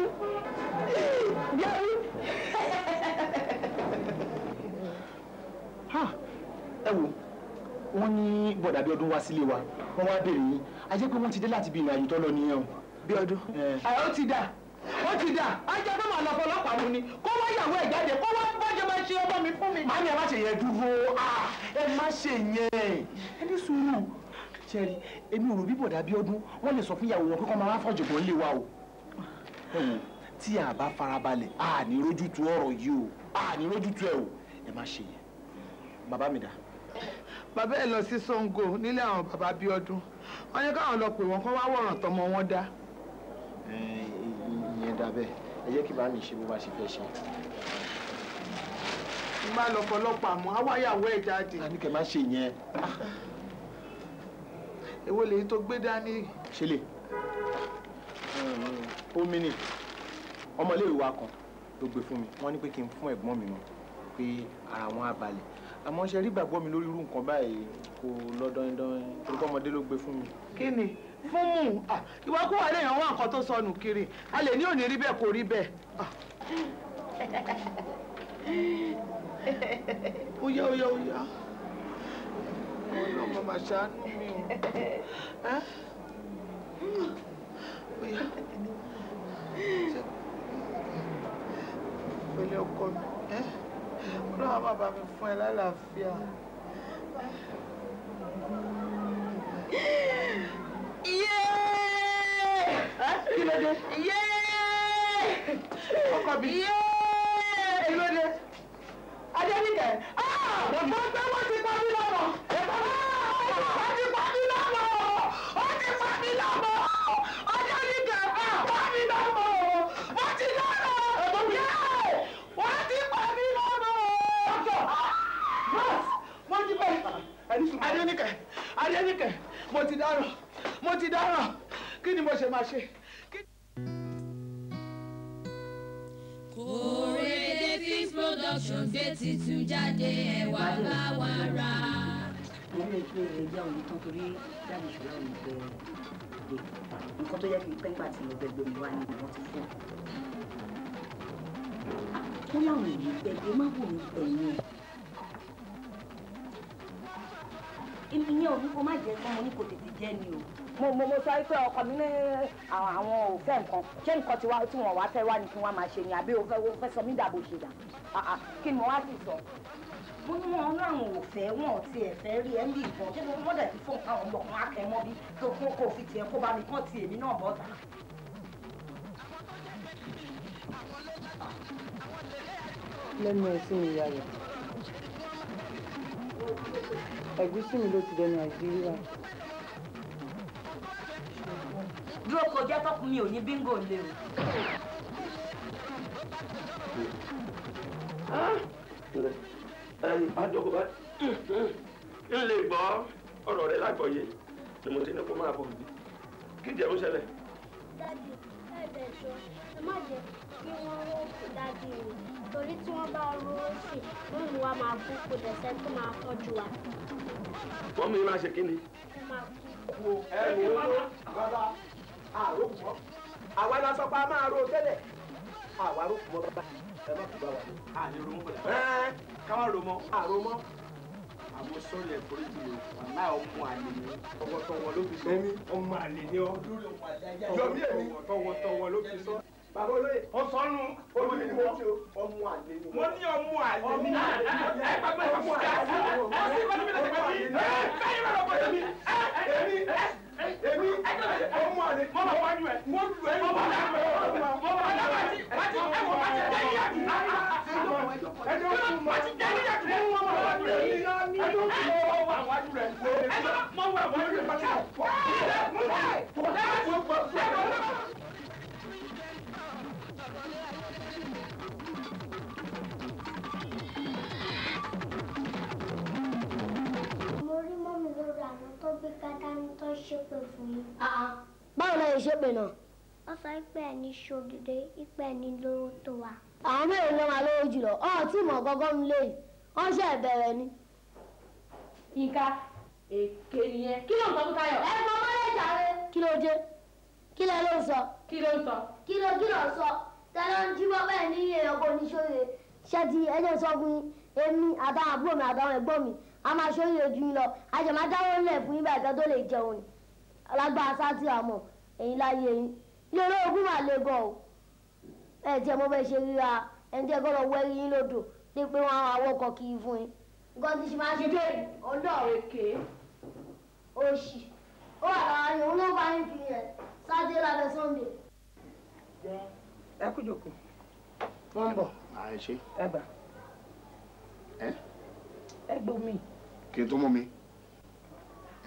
Bíadú. ẹ wo wọ́n ní bọ̀dà Bíọ́dún wá sílé wa wọ́n wá béèrè yín a jẹ́ pé wọ́n ti dé láti bí ìrìn àjò tó nìyẹn o. Bíọ́dún àyà ó ti dà ó ti dà ajá tó máa lọ fọlọ́pàá mu ni kó wá yàwó ẹ̀ jáde kó wá bọ́jọ́ máa ṣe ọmọ mi fún mi. màá ní ẹ má ṣe yẹn dúró ah, ẹ má ṣe yẹn ẹ ní sùúrù ṣẹ́rí èmi ò rò bí bọ̀dà bí wọ́n lè sọ fún ìyàwó wọn kíkọ́ máa wá fọ̀jọ̀gbọ́n lé wa o ẹ wò tí a bá farabalẹ̀ a ní rójútu ọ̀rọ̀ yìí o a ní rójútu ẹ o ẹ má ṣe yẹn bàbá mi dà. bàbá ẹ lọ sí Ṣàngó nílé àwọn bàbá bí wọn ní káwọn lọ pè wọn kó wá wọ̀ràn tọmọ wọn dá ìyẹn dà bẹ́ẹ̀ ẹ jẹ́ kí bá mi ṣe bó bá ṣe fẹ́ ṣe. n bá lọ́pọ̀lọpọ̀ àmọ́ awáyàwó ẹ̀ jáde. a ní kẹ́ má ṣe yẹn. Ah, èwo lèyí tó gbé dání. ṣe lè omi ni ọmọléèwé wa kan ló gbé fún mi wọ́n ní pé kí n fún ẹ̀gbọ́n mi mu pé ara wọn á balẹ̀ àmọ́ ṣe rí gbàgbọ́ mi lórí irú nǹkan báyìí kò lọ dọ́ndọ́n torí kọ́mọdé ló gbé fún mi. kí ni mímú ah, ìwọ kó wà léèyàn wá nǹkan tó sọnù kiri a lè ní òní rí bẹ́ẹ̀ kò rí bẹ́ẹ̀. Ah. ó yá ó yá ó yá ọlọ́mọ mà ṣàánú mi o ó yá pẹ̀lẹ́ ọkọ mi ọlọ́run má bá mi fún ẹ lálàáfíà kí ló dé. yéé ọkọ mi. yéé kí ló dé. adébíkẹ́ mo ah! gbé wọ́n ti pa mí lọ́mọ. wọ́n ti pa mí lọ́mọ. wọ́n ti pa mí lọ́mọ. adébíkẹ́ ah! pa mí lọ́mọ. wọ́n ti lọ́mọ. wọ́n ti pa mí lọ́mọ. wọ́n ah! ti pa adébíkẹ́ adébíkẹ́ mo ti dáràn mo ti dáràn kí ni mo ṣe máa ṣe. Òrè Davis production gbé titun jáde ẹ wá bá wa rà. Wọ́n lè pe ẹgbẹ́ òun tán torí jáde ìṣúra òun fẹ́ gbé. Nǹkan tó yẹ kí pẹ́ngbà tí mo fẹ́ gbé mi wá ni wọ́n ti fún. Wọ́n láwọn èyí gbẹ̀gbẹ́ má wò ní ẹ̀yìn. Èmi yẹn ò ní kó má jẹ́ sọ́mọ ní kò tètè jẹ́ ni o mo mo mo sọ pé ọkọ mi ní àwọn ò fẹ́ nǹkan ṣé nǹkan tí wọ́n wá fẹ́ wá ni kí wọ́n máa ṣe ni àbí o fẹ́ sọ mí dàbò ṣe dà kí ni mo wá sì sọ. mo ní wọn láwọn ò fẹ́ wọn ò tiẹ̀ fẹ́ rí ẹ́ ní ìbọn ṣé mo dẹ̀ ti fún àwọn ọmọ kan akẹ́ mọ́ bí tó fún kò fi tiẹ̀ kó bá mi kàn ti èmi náà bọ́ ta. lẹ́nu ẹ̀ sí mi yára ẹ̀gúsí mi ló ti dẹnu àìjíríà dúró kọjá tọkùn mi ò ní bíngò lé o. adọ́gba n lè gbọ́ ọ̀rọ̀ rẹ lágbọ̀ọ́yé ni mo ti ní kó máa bọ̀ kí jẹ́ ó ṣẹlẹ̀. dájú ẹ̀ẹ́dẹ̀ sọ ẹ má jẹ́ kí wọ́n rò kó dájú o torí tí wọ́n bá rò ó sì wa máa kú kó dẹ̀sẹ̀ tó máa tọ́jú wa. wọ́n mú máa ṣe kí ni. ó máa kú. ẹ wò ó bàbá àrò mọ́ àwa la sọ pé a máa ro tẹ́lẹ̀ àwa ro mọ́ bá ẹ má fi bá wa àní ro mọ́ ẹ káwọn ro mọ́ àrò mọ́ àwọn sọ́ọ̀lì ẹ̀kọ́rẹ́ ti lò wà náà ọmọ àlè ni ọwọ́tọwọ́ ló fi sọ ọmọ àlè ni ọ yọmí èmi ọwọ́tọwọ́ ló fi sọ bàbá olóyè. ó sọnù olùmí ni wọ́n. ọmọ àlè ni wọ́n. mo ní ọmọ àlè. ọmọ àlè. ẹ gbàgbé ẹ fún mi. ó sì gbàgbé mi lọ́sẹ̀ pẹ̀lú mi. báyìí bá lọ bọ́dọ̀ mi. èmi èmi ọmọ àlè. mo máa wá ju ẹ. mo ju ẹ. mo máa wá ju ẹ. mo máa wá ju ẹ. wájú ẹ wọ wájú ẹ yíyá. ẹ jọ fún mi. wájú ẹ yíyá. mo máa wá ju ẹ. ẹ jọ fún mi. ẹ jọ wà wájú rẹ. ẹ jọ mọ wà wájú rẹ mo rí mọ́mí lórí àná tó gbé kátà ní tó ṣépè fún mi. Ah, ah. báwo la yẹ ṣépè náà. ó sọ pé ẹni ṣòdìdẹ ìpè ẹni lówó tó wa. àwọn mẹ́rin ló máa lówó jùlọ ọ tí mọ̀ gọ́gọ́ ń lé yìí wọ́n ṣe ìbẹ̀rẹ̀ ni. ìka èké nìyẹn kí ló ń sọ fún Táyọ̀. ẹ fọ mọ́lẹ̀ jàre. kí ló dé kí lẹ ló ń sọ. kí ló ń sọ. kí ló kí ló ń sọ tẹ́lẹ̀ ń jí bọ́bẹ̀ ní èèyàn oníṣòye ṣẹ́tì ẹjẹ́ sọ èmi àtàwọn àbúrò mi àtàwọn ẹ̀gbọ́n mi a máa ṣóyè ju yín lọ a jẹ̀ máa dáwọ́ lẹ̀ fún yín bá ìkẹ́ tó lè jẹun ni alágbára sátì àmọ́ ẹ̀yin láyé yín yọ̀rọ̀ ogún mà lè gan o ẹ̀ tí ẹ mọ ṣe ríra ẹni tí ẹ gbọ́dọ̀ wẹ́rí yín lódò ní pé wọ́n á wọ́kọ̀ kí i fún yín nǹkan tí ṣe máa ṣe dé ọlọ́ọ̀rẹ́ ké oṣì ó wà lára yín olóògbé ayé fi yẹn sáájú lábẹ́ sunday ẹ kú jòkó wọ́n ń bọ̀. àì ṣe. ẹ gbà. ẹ. ẹ gbó mi. kí n tó mú mi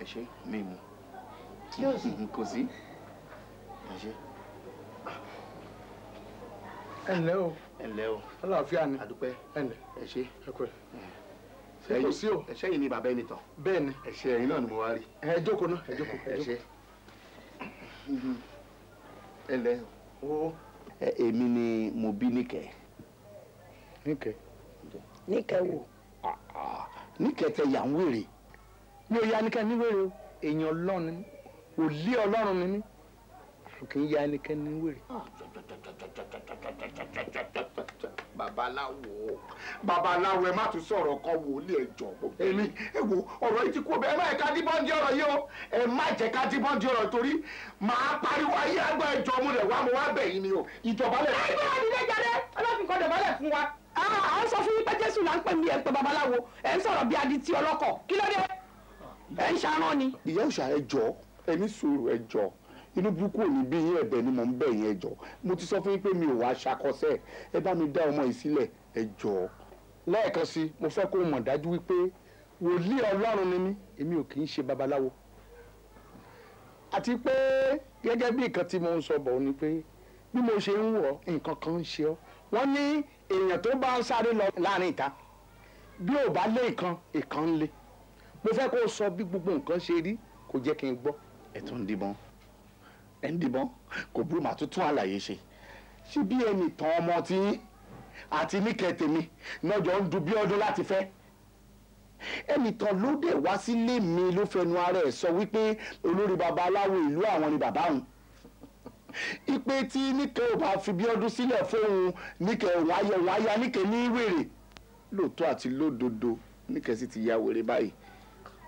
ẹ ṣe mi mu <laughs> kò sí ẹ ṣe. ẹ ǹlẹ́ o. ẹ ǹlẹ́ o. aláàfíà ni. àdúpẹ́ ẹ ǹlẹ́. ẹ ṣe. ẹ kú ẹ ẹ̀yin sí o ẹ̀ṣẹ̀ yìí ni bàbá ẹni tán. bẹ́ẹ̀ni ẹ̀ṣẹ̀ ẹ̀yin náà ni mo wá rí. ẹ jókòó náà ẹ jókòó ẹ ẹ lẹ o. èmi ni mo bí níkẹ́. n'ike tẹ yà ń wèrè mi ò ya ní o èèyàn ọlọ́run ni ò lé ọlọ́run ni mí kì ya n'ike ní babaláwo babaláwo ẹ má tún sọ̀rọ̀ kan wò ó lé ẹjọ́ èmi ẹ wo ọ̀rọ̀ yìí ti kú ọbẹ̀ ẹ má yẹ ká díbọ́n di ọ̀rọ̀ yìí o ẹ má jẹ́ ká díbọ́n di ọ̀rọ̀ torí màá pariwo ayé àgbà ẹjọ́ mu rẹ̀ wá mo wá bẹ̀ yín ni o ìdọ̀bálẹ̀. ẹ gbọ́dọ̀ nílé jáde ọlọ́fin kan dọ̀bálẹ̀ fún wa àwọn sọ fún yín pé jésù là ń pè mí ẹ̀ ń pè babaláwo ẹ̀ ń sọ̀rọ̀ bí adití ọlọ́kọ̀ kí ló dé ẹ̀ ń ṣarán ni. ìyá òṣà inú burúkú òní bí yín ẹ̀bẹ̀ ni mò ń bẹ̀ yín ẹjọ́ mo ti sọ fún yín pé mi ò wá ṣàkọsẹ̀ ẹ bá mi dá ọmọ yìí sílẹ̀ ẹjọ́ lẹ́ẹ̀kan sí mo fẹ́ kó mọ̀ dájú wípé wòlíì ọlọ́run ni mí èmi ò kì í ṣe babaláwo àti pé gẹ́gẹ́ bí nǹkan tí mo ń sọ bọ̀ ni pé bí mo ṣe ń wọ̀ nǹkan kan ń ṣe ọ́ wọ́n ní èèyàn tó bá ń sáré lọ láàrin ìta bí ò bá lé ìkan ìkan ń lé mo fẹ́ kó sọ bí gbogbo nǹkan ṣe rí kò jẹ́ kí n gbọ́ ẹ̀ tó ń díbọn ẹ̀ ń dìbọn kò burú màá tún tún àlàyé ṣe ṣé bí ẹnì tán ọmọ tí àti níkẹ́ tèmi nájọ ń du bí ọdún láti fẹ́ ẹnì tán ló dé wá sílé mi ló fẹnu ara ẹ̀ sọ wípé olórí babaláwo ìlú àwọn ni bàbá òun ipe tí níkẹ́ ò bá fi bí ọdún sílẹ̀ fóun níkẹ́ òun ayọ̀ òun ayá níkẹ́ ní wèrè lóòótọ́ àti lódodo níkẹ́ sì ti ya wèrè báyìí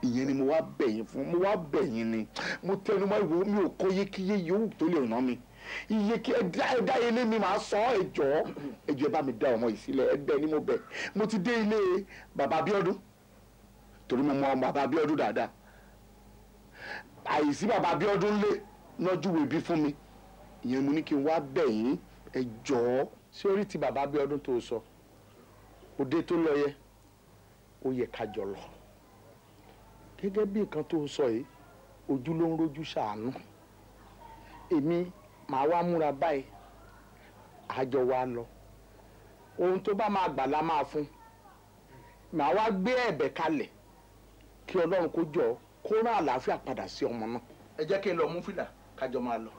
ìyẹn ni mo wá bẹ̀yìn fún mo wá bẹ̀yìn ni mo tẹnu mọ́ ìwé mi ò kó yékéyé yòówù tó lè ràn mí iye kí ẹdá ẹdá ilé mi máa sọ ẹjọ ẹjọ ẹ bá mi dá ọmọ yìí sílẹ̀ ẹgbẹ ni mo bẹ̀ mo ti dé ilé bàbá Abíọ́dún torí mo mọ bàbá Abíọ́dún dáadáa àìsí bàbá Abíọ́dún lé lọ́júwe bí fún mi ìyẹn mo ní kí n wá bẹ̀yìn ẹjọ. ṣé orí ti bàbá Abíọ́dún tó sọ òde tó lọ yẹ ó yẹ ká jọ lọ gẹ́gẹ́ bí nǹkan tó sọ yìí ojú ló ń rojú ṣàánú èmi màá wá múra báyìí àjọ wa lọ ohun tó bá máa gbà la máa fún màá wá gbé ẹ̀bẹ̀ kalẹ̀ kí ọlọ́run kó jọ kó rán àlàáfíà padà sí ọmọ náà. ẹ jẹ́ kí n lọ mú fìlà kájọ máa lọ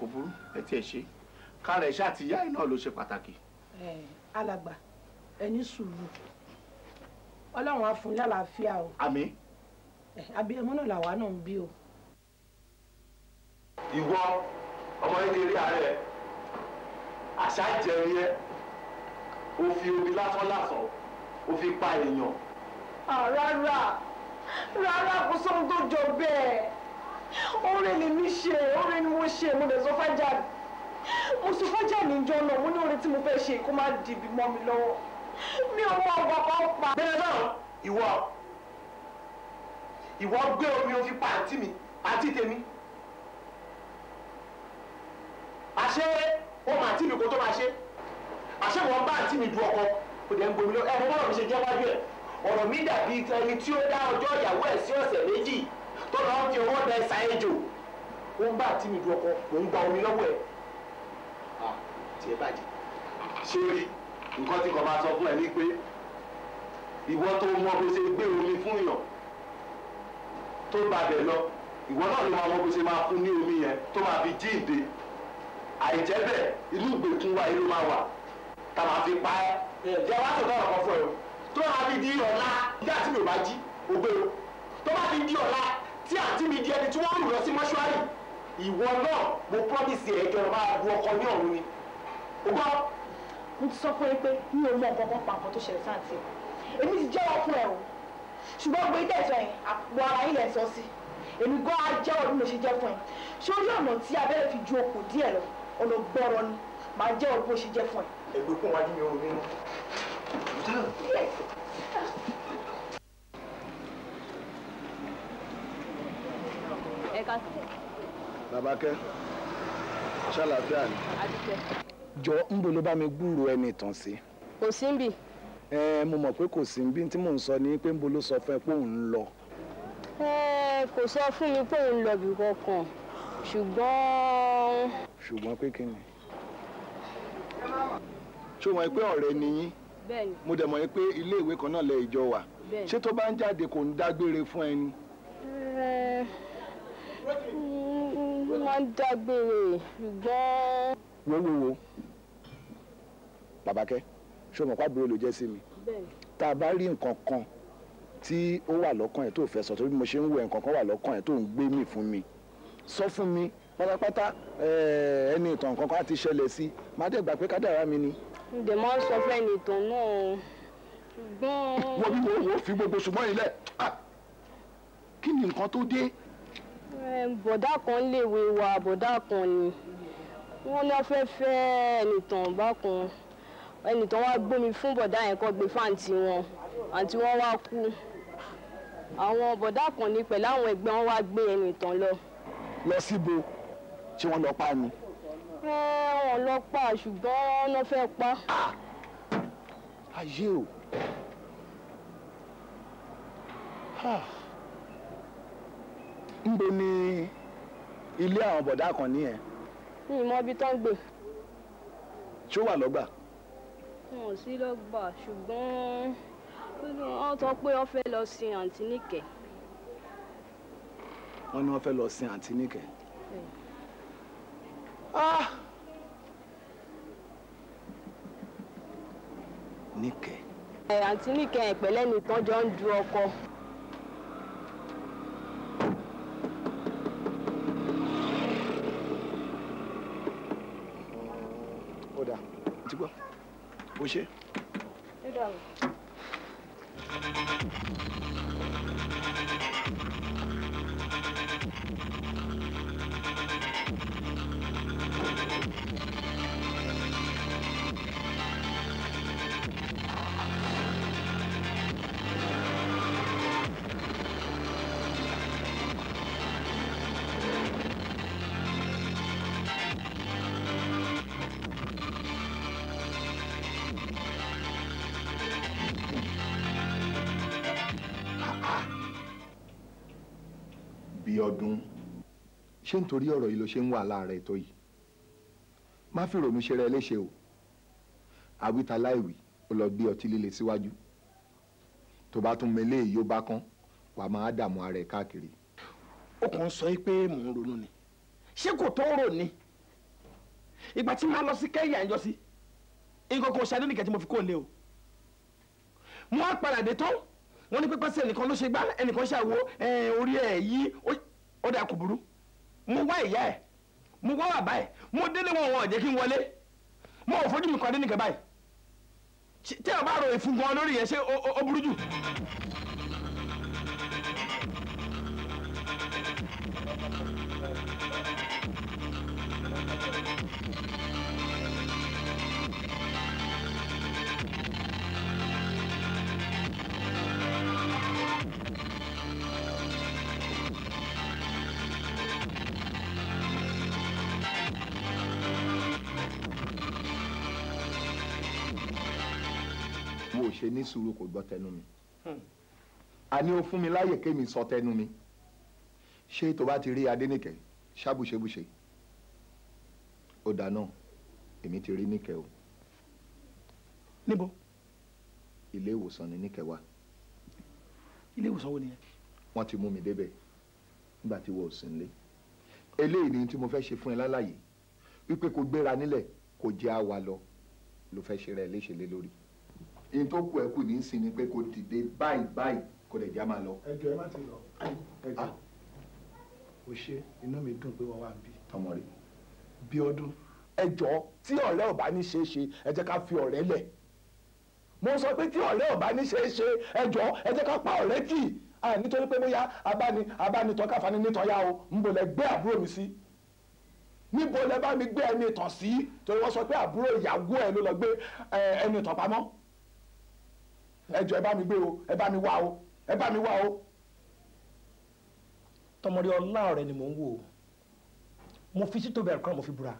kò burú ẹ tiẹ̀ ṣe kára ṣáà ti yá iná ló ṣe pàtàkì. alàgbà ẹni sùúrù ọlọ́run á fún lálàáfíà o. àmín. abiyamọ náà làwa náà ń bí o. ìwọ ọmọ kékeré ààrẹ àṣà ìjẹun yẹn o fi omi lásán lásán o fi pa èèyàn. rárá rárá kò sóhun tó jọ bẹ́ẹ̀ oore ni mi ṣe oore ni mo ṣe mo lè sọ fájà mo sọ fájà níjọ náà mo ní oore tí mo fẹ́ ṣe kó má dìbì mọ́ mi lọ́wọ́ mi ò mọ ọgbà kan pa. bẹ́ẹ̀ náà ìwọ ìwọ gbé omi o fi pa àǹtí mi àǹtí tèmi àṣé ó mà àǹtí mi kó tó máa ṣe àṣé wọn bá àǹtí mi du ọkọ kò dẹ̀ ń gbomi lọ ẹ̀rọ bọ́ọ̀rọ̀ mi ṣe jẹ́ wájú ẹ̀ ọ̀rọ̀ mi dàbí ẹni tí ó dá ọjọ́ ìyàwó ẹ̀ sí ọ̀sẹ̀ méjì tó lọ́ọ́ fi owó da ẹ̀sà ẹ̀jò ó ń bá àǹtí mi du ọkọ mò ń gba omi lọ́wọ́ ẹ̀ é bàjẹ́ ṣé o rí i nǹkan tí kò máa sọ fún ẹ ní pé ìwọ tó mọ bó ṣe gbé omi fún yàn tó gbàgbẹ́ lọ ìwọ náà ló máa mọ bó ṣe máa fún ní omi yẹn tó máa fi jíǹde àìjẹ́ bẹ́ẹ̀ inú ìgbèkùn wa ló máa wà tá máa fi pa ẹ́. ǹjẹ́ wàá tó dára kan fún ẹ o tó máa fi di ọ̀la nígbà tí mi ò bá jí ògbé o tó máa fi di ọ̀la tí àǹtí mi di ẹni tí wọ́n rù lọ sí mọ́ṣúárì ìwọ náà mo promise ẹ̀ kẹrin máa bu ọkọ ní ọ̀run ni ògbọ́n mo ti sọ fún ẹ pé mi ò mọ nǹkan kan pa nǹkan tó ṣẹlẹ̀ sáǹtì èmi ti jẹ́wọ́ fún ẹ o ṣùgbọ́n gbé tẹ̀sán yẹn àpò ara yín lẹ̀ sọ sí èmi gan á jẹ́wọ́ bí mo ṣe jẹ́ fún ẹ ṣé orí ọ̀nà tí abẹ́rẹ́ fi ju okùn díẹ̀ lọ ọ̀nà gbọ́rọ̀ ni màá jẹ́wọ́ bó ṣe jẹ́ fún ẹ. ẹgbẹ́ kún wájú mi ò rí mọ́. ẹ ká sí. babakẹ́ ṣàlàfíà ni. adúpẹ́ jọ ń bo ló bá mi gbúrò ẹni tàn sí. kò sí ń bì. ẹ mo mọ̀ pé kò sí bí tí mò ń sọ ni pé ń bo ló sọ fún ẹ pé òun ń lọ. ẹ kò sọ fún mi pé òun ń lọ bí kankan ṣùgbọ́n. ṣùgbọ́n pé kí ni. ṣé o pé ọ̀rẹ́ ni yín mo dẹ̀ mọ̀ pé ilé kan náà lẹ ìjọ wà ṣé tó bá ń jáde kò ń dágbére fún ẹni. wọ́n máa ń dágbére ṣùgbọ́n. wo wo wo babakẹ́ ṣé o mọ̀ pàbúrò ló jẹ́ sí mi tá a bá rí nǹkan kan tí ó wà lọ́kàn ẹ̀ tó fẹ́ sọ torí mo ṣe ń wo nǹkan kan wà lọ́kàn ẹ̀ tó ń gbé mì fún mi sọ fún mi pátápátá eh, ẹni ìtàn nǹkan kan á ti ṣẹlẹ̀ sí i máa dẹ̀ gbà pé kádàrá mi ni. ǹdẹ̀ mọ́ sọ fún ẹni ìtàn náà gbọ́n. wo bí wo fi gbogbo ṣùgbọ́n yìí kí ni nǹkan tó dé. Eh, bọ̀dá kan léwe wa bọ̀dá kan ni wọ́n ní wọ́n fẹ́ fẹ́ ẹni ìtàn bákan ẹnìkan wá gbómi fún bọ̀dá yẹn kan gbé fáǹtì wọn àǹtí wọn wá kú àwọn bọ̀dá kan ní pẹ̀lú àwọn ẹgbẹ́ wọn wá gbé ẹnìtàn lọ. lọ síbo tí wọ́n lọ pa ni. ẹ wọn lọ pa ṣùgbọ́n wọ́n fẹ́ pa. Ah! ayé o. ńbo ah! ni ilé àwọn bọ̀dá kan nìyẹn. mi ì mọ ibi tó ń gbé. ṣó wà lọ́gbà wọn ò sí lọ́gbà ṣùgbọ́n wọ́n sọ pé wọ́n fẹ́ lọ sin àǹtí nìkẹ́. wọ́n ní wọ́n fẹ́ lọ sin àǹtí nìkẹ́. nìkẹ́. Ah! àǹtí nìkẹ́ ìpẹ́lẹ́ nìkan jọ ń du ọkọ. ó dáa o ṣe. ẹ dàrú. ṣé nítorí ọ̀rọ̀ yìí ló ṣe ń wà láàárẹ̀ tó yìí má fi rònú ṣe rẹ léṣe o àwítà láìwí ó lọ gbé ọtí líle síwájú tó bá tún mẹlẹ́ yóò bá kán wà máa dààmú ara ẹ̀ káàkiri. ó kàn ń sọ pé mò ń ronú ni ṣé kò tó rò ní ìgbà tí màá lọ sí kẹ́yà ìjọ sí nǹkan kan ṣàdé nìkan tí mo fi kó lé o mo á padà dé wọn ní pípẹ́sẹ̀ ẹnìkan ló ṣe gbá ẹnìkan ṣàwo orí ẹ̀ yí ó dà kò burú mo wá ìyá ẹ mo wá bàbá ẹ̀ mo délé wọn wọn ò jẹ́ kí n wọlé mo ò fojú mi nìkan báyìí tí ẹ bá ròyìn lórí yẹn ṣé ó ní sùúrù kò gbọ́ tẹnu mi àní hmm. o fún mi láyè kémi sọ tẹnu mi ṣé tó bá ti rí adénìkẹ́ ṣàbùṣebùṣe ó dáná èmi ti rí níkẹ́ o. níbo. ilé ìwòsàn ni níkẹ́ wà. ilé ìwòsàn wo nìyẹn. wọ́n ti mú mi débẹ̀ nígbà tí wọ́n ò sí nílé eléyìí ni tí mo fẹ́ ṣe fún ẹ lálàyé wípé kò gbéra nílẹ̀ kò jẹ́ àwa lọ ló fẹ́ ṣe rẹ̀ léṣe lé lórí in tó kù ẹ kù ní í sin ni pé kò dìde báyìí báyìí kò lè já máa lọ. ẹ jọ ẹ má ti lọ ẹ jọ ah. o ṣe inú mi dùn pé wọn wà níbí. ọmọ rẹ bí ọdún. ẹ jọ tí ọ̀rẹ́ ò bá ní ṣe é ṣe ẹ jẹ́ ká fi ọ̀rẹ́ lẹ̀ mo sọ pé tí ọ̀rẹ́ ò ní ṣe é ṣe ẹ jọ ká pa ọ̀rẹ́ tì à ah, nítorí pé bóyá abáni abánitọ́ káfání nítọ́yá o ń bò gbé àbúrò mi sí níbo lẹ bá mi gbé ẹni ìtàn sí torí wọ́n sọ pé àbúrò ìyàwó ẹ ló lọ gbé ẹni ìtàn pamọ́. ẹ jọ ẹ bá mi gbé o ẹ bá mi wá o ẹ bá mi wá o. tọmọdé ọlá rẹ ni mò ń wò ó mo fi sí tóbi àkọ́rọ́ mo fi bura.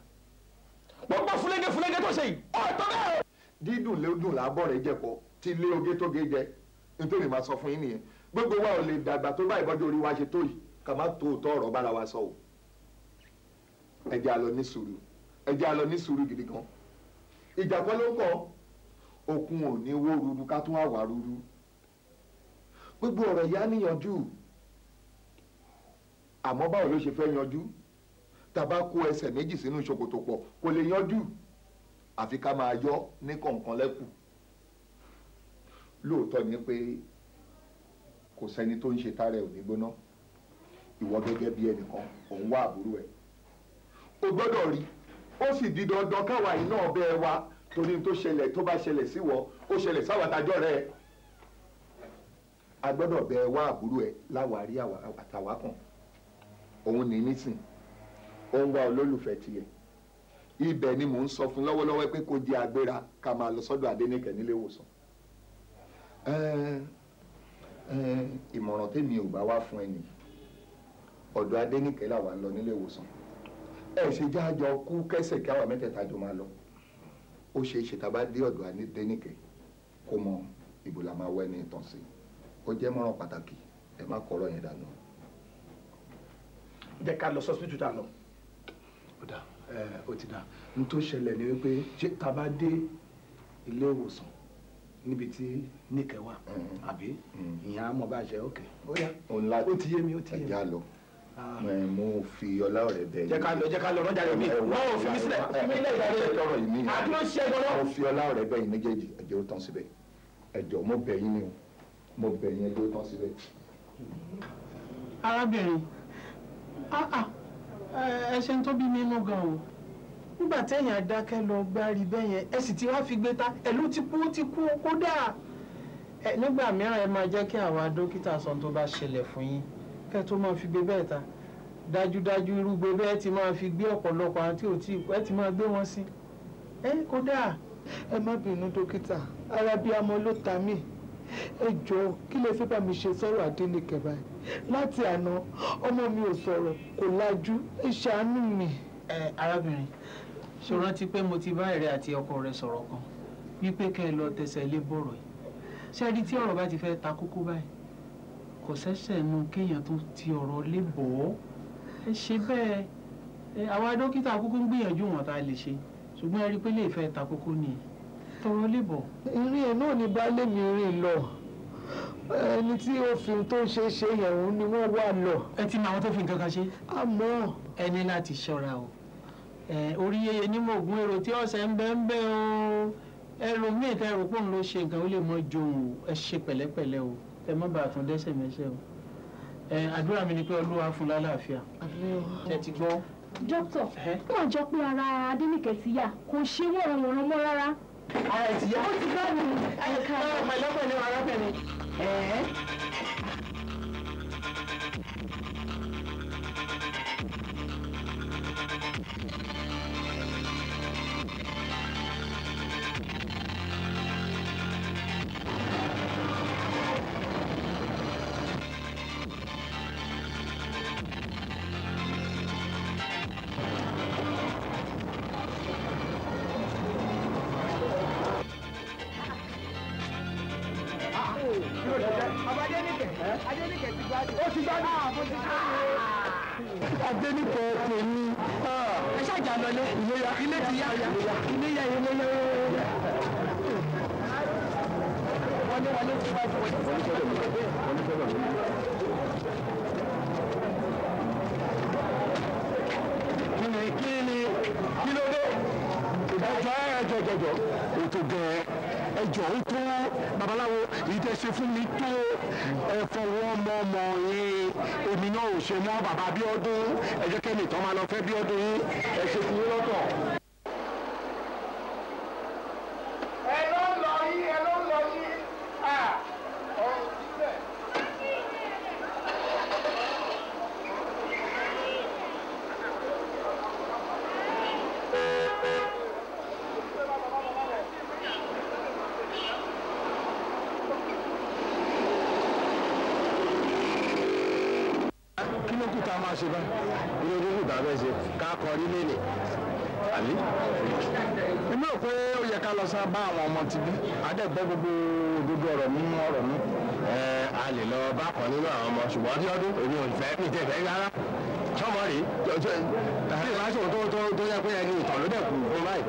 gbogbo fúlẹ́gẹ́ fúlẹ́gẹ́ tó ṣe yìí ọ̀ tó bẹ́ẹ̀. dídùn ló dùn lábọ̀ rẹ̀ tí ilé oge tó ge jẹ nítorí màá sọ fún yín nìyẹn gbogbo wa ò lè dàgbà tó bá ìbọ́jú orí wa ṣe okun ò ní wó ruru ká tún àwà ruru gbogbo ọ̀rọ̀ ìyá níyanjú àmọ́ báwo ló ṣe fẹ́ yanjú tàbá kó ẹsẹ̀ méjì sínú ṣòkòtò pọ̀ kò lè yanjú àfi ká máa yọ ní kọ̀ọ̀kan lẹ́kù lóòótọ́ ni pé kò sẹ́ni tó ń ṣe tààrẹ ò ní gbóná ìwọ gẹ́gẹ́ bí ẹnìkan òun wá àbúrò ẹ̀ o gbọ́dọ̀ rí ó sì di dandan káwa iná ọbẹ̀ wa torí tó ṣẹlẹ̀ tó bá ṣẹlẹ̀ sí wọ ó ṣẹlẹ̀ sáwàtájọ́ rẹ a gbọ́dọ̀ bẹ wá àbúrò ẹ láwàárí àtàwá kan òun ní nísìn ó wá olólùfẹ́ tiẹ̀ ibẹ̀ ni mò ń sọ fún lọ́wọ́lọ́wọ́ pé kó di agbéra ká máa lọ sọ́dọ̀ Adéníkẹ́ nílé ìwòsàn ìmọ̀ràn tèmi ò bá wá fún ẹnì ọ̀dọ̀ Adéníkẹ́ làwa ń lọ nílé ìwòsàn ẹ̀ ṣe jájọ kú kẹsẹ̀ kí àwa mẹ́tẹ̀ẹ̀ta jọ máa lọ ó ṣe é ṣe tá a bá dé ọ̀dọ̀ Adénìkẹ́ kó mọ ibo la máa wá ẹni ìtàn sí ó jẹ́ mọ́ràn pàtàkì ẹ má kọ̀ ọ̀rọ̀ yẹn dànù. jẹ́ ká lọ sọ́sibítù tá a lọ. ó dà ó ti dà n tó ṣẹlẹ̀ ni wípé ṣé tá a bá dé ilé ìwòsàn níbi tí níkẹ́ wà mm-hmm. àbí mm-hmm. ìyẹn á mọ̀ bá ṣe ókè ó yá ó ti yé mi ó ti yé mi mo fi ọlá ọ̀rẹ́ bẹ̀ yín. jẹ́ ká lọ jẹ́ ká lọ rọ́jà rẹ̀ mi wọ́n ò fi mí sílẹ̀ fi mí lẹ́yìn ìdájọ́ ìtọ́rọ̀ yìí mi. àti ló ṣe gbọ́dọ̀. mo fi ọlá ọ̀rẹ́ bẹ̀ yín méjèèjì ẹ̀jẹ̀ ó tán síbẹ̀ ẹ̀jọ̀ mo bẹ̀ yín ni o mo bẹ̀ yín ẹ̀jẹ̀ ó tán síbẹ̀. arábìnrin ah, ah, ẹsẹ̀ tó bí mi gan o nígbà téèyàn adákẹ́ lọ gbárí bẹ́yẹn ẹ sì ti wá fi gbé ta ẹ̀lú ti kú ti kú kódà nígbà mìíràn ẹ máa jẹ́ kí àwa dókítà sọ tó bá ṣẹlẹ̀ fún yín kẹ́ tó máa fi gbé bẹ́ẹ̀ ta dájúdájú irúgbó bẹ́ẹ̀ ti máa fi gbé ọ̀pọ̀lọpọ̀ àti òtí ẹ ti máa gbé wọn sí. ẹ kódà ẹ má bínú dókítà ara bíi amọ ló ta mí ẹ jọ kí lè fẹ́ bá mi ṣe sọ̀rọ̀ Adénìkẹ́ báyìí láti àná ọmọ mi ò sọ̀rọ̀ kò lajú ẹ ṣàánú mi. ẹ arábìnrin ṣe rántí pé mo ti bá ẹ̀rẹ́ àti ọkọ rẹ sọ̀rọ̀ kan wípé kẹ́ ẹ lọ tẹsẹ̀ lé bọ̀rọ̀ yìí ṣé ẹni tí ọ̀rọ̀ bá ti fẹ́ ta kókó báyìí kò ṣẹ̀ṣẹ̀ nu kéèyàn tó ti ọ̀rọ̀ lé bọ̀ ọ́ ẹ ṣe bẹ́ẹ̀ ẹ àwa dókítà kúkú ń gbìyànjú wọn tá a lè ṣe ṣùgbọ́n ẹ rí i pé lè fẹ́ ta kókó ni tọrọ lè bọ̀. ìrìn ẹ̀ náà ni baálé mi rìn lọ ẹni tí òfin tó ṣe ṣe yẹn òun ni wọ́n wà lọ. ẹ ti mọ àwọn tó fi nǹkan kan ṣe. àmọ́. ẹ ní láti ṣọ́ra o orí yeye ní mo gun èrò tí ọ̀sẹ̀ ń bẹ́ ń bẹ́ o ẹlòmíì tẹ́ rò pé òun ló ṣe nǹkan ó lè mọ jòun ẹ ṣe pẹ̀lẹ́pẹ̀lẹ́ o ẹ má bàa tún dẹ́ṣẹ̀ mẹ́ṣẹ̀ o ẹ àdúrà mi ni pé olúwa fún lálàáfíà ẹ ti gbọ́. dókítà ó mà jọ pé ara adénìkẹ́ ti yá kò ṣe wọ́n ọ̀ràn mọ́ rárá. ara ti yá ó ti gbọ́ mi. àyíká ọmọ ẹlọ́pẹ̀ ni Thank you. Adéníkẹ́ ti gbádùn. Ẹ ṣàjà lọlé. Iléyá. Ilé ti yá. Iléyá iléyá. Wọlé wọlé ti bá fún ẹ. Kíni kíni kí Ìdájọ́ ẹ̀jọ̀ jọjọ. Ètò gẹ̀ẹ́ ẹ̀jọ̀ ó tó babaláwo ìtẹ̀sí fún mi tó ẹ̀fọ́ wọn mọ ọmọ yín èmi náà ò ṣe mọ́ bàbá Abíọ́dún ẹ̀jẹ̀ kẹ́mi tán máa lọ fẹ́ Bíọ́dún yín ẹ̀ṣẹ̀ fún ṣùgbọ́n bí ọdún èmi ò fẹ́ mi tẹ̀ fẹ́ rárá sọmọ rè bí ìbáṣọ tó tó tó yẹ pé ẹni ìtàn ló dẹ̀ kù fún báyìí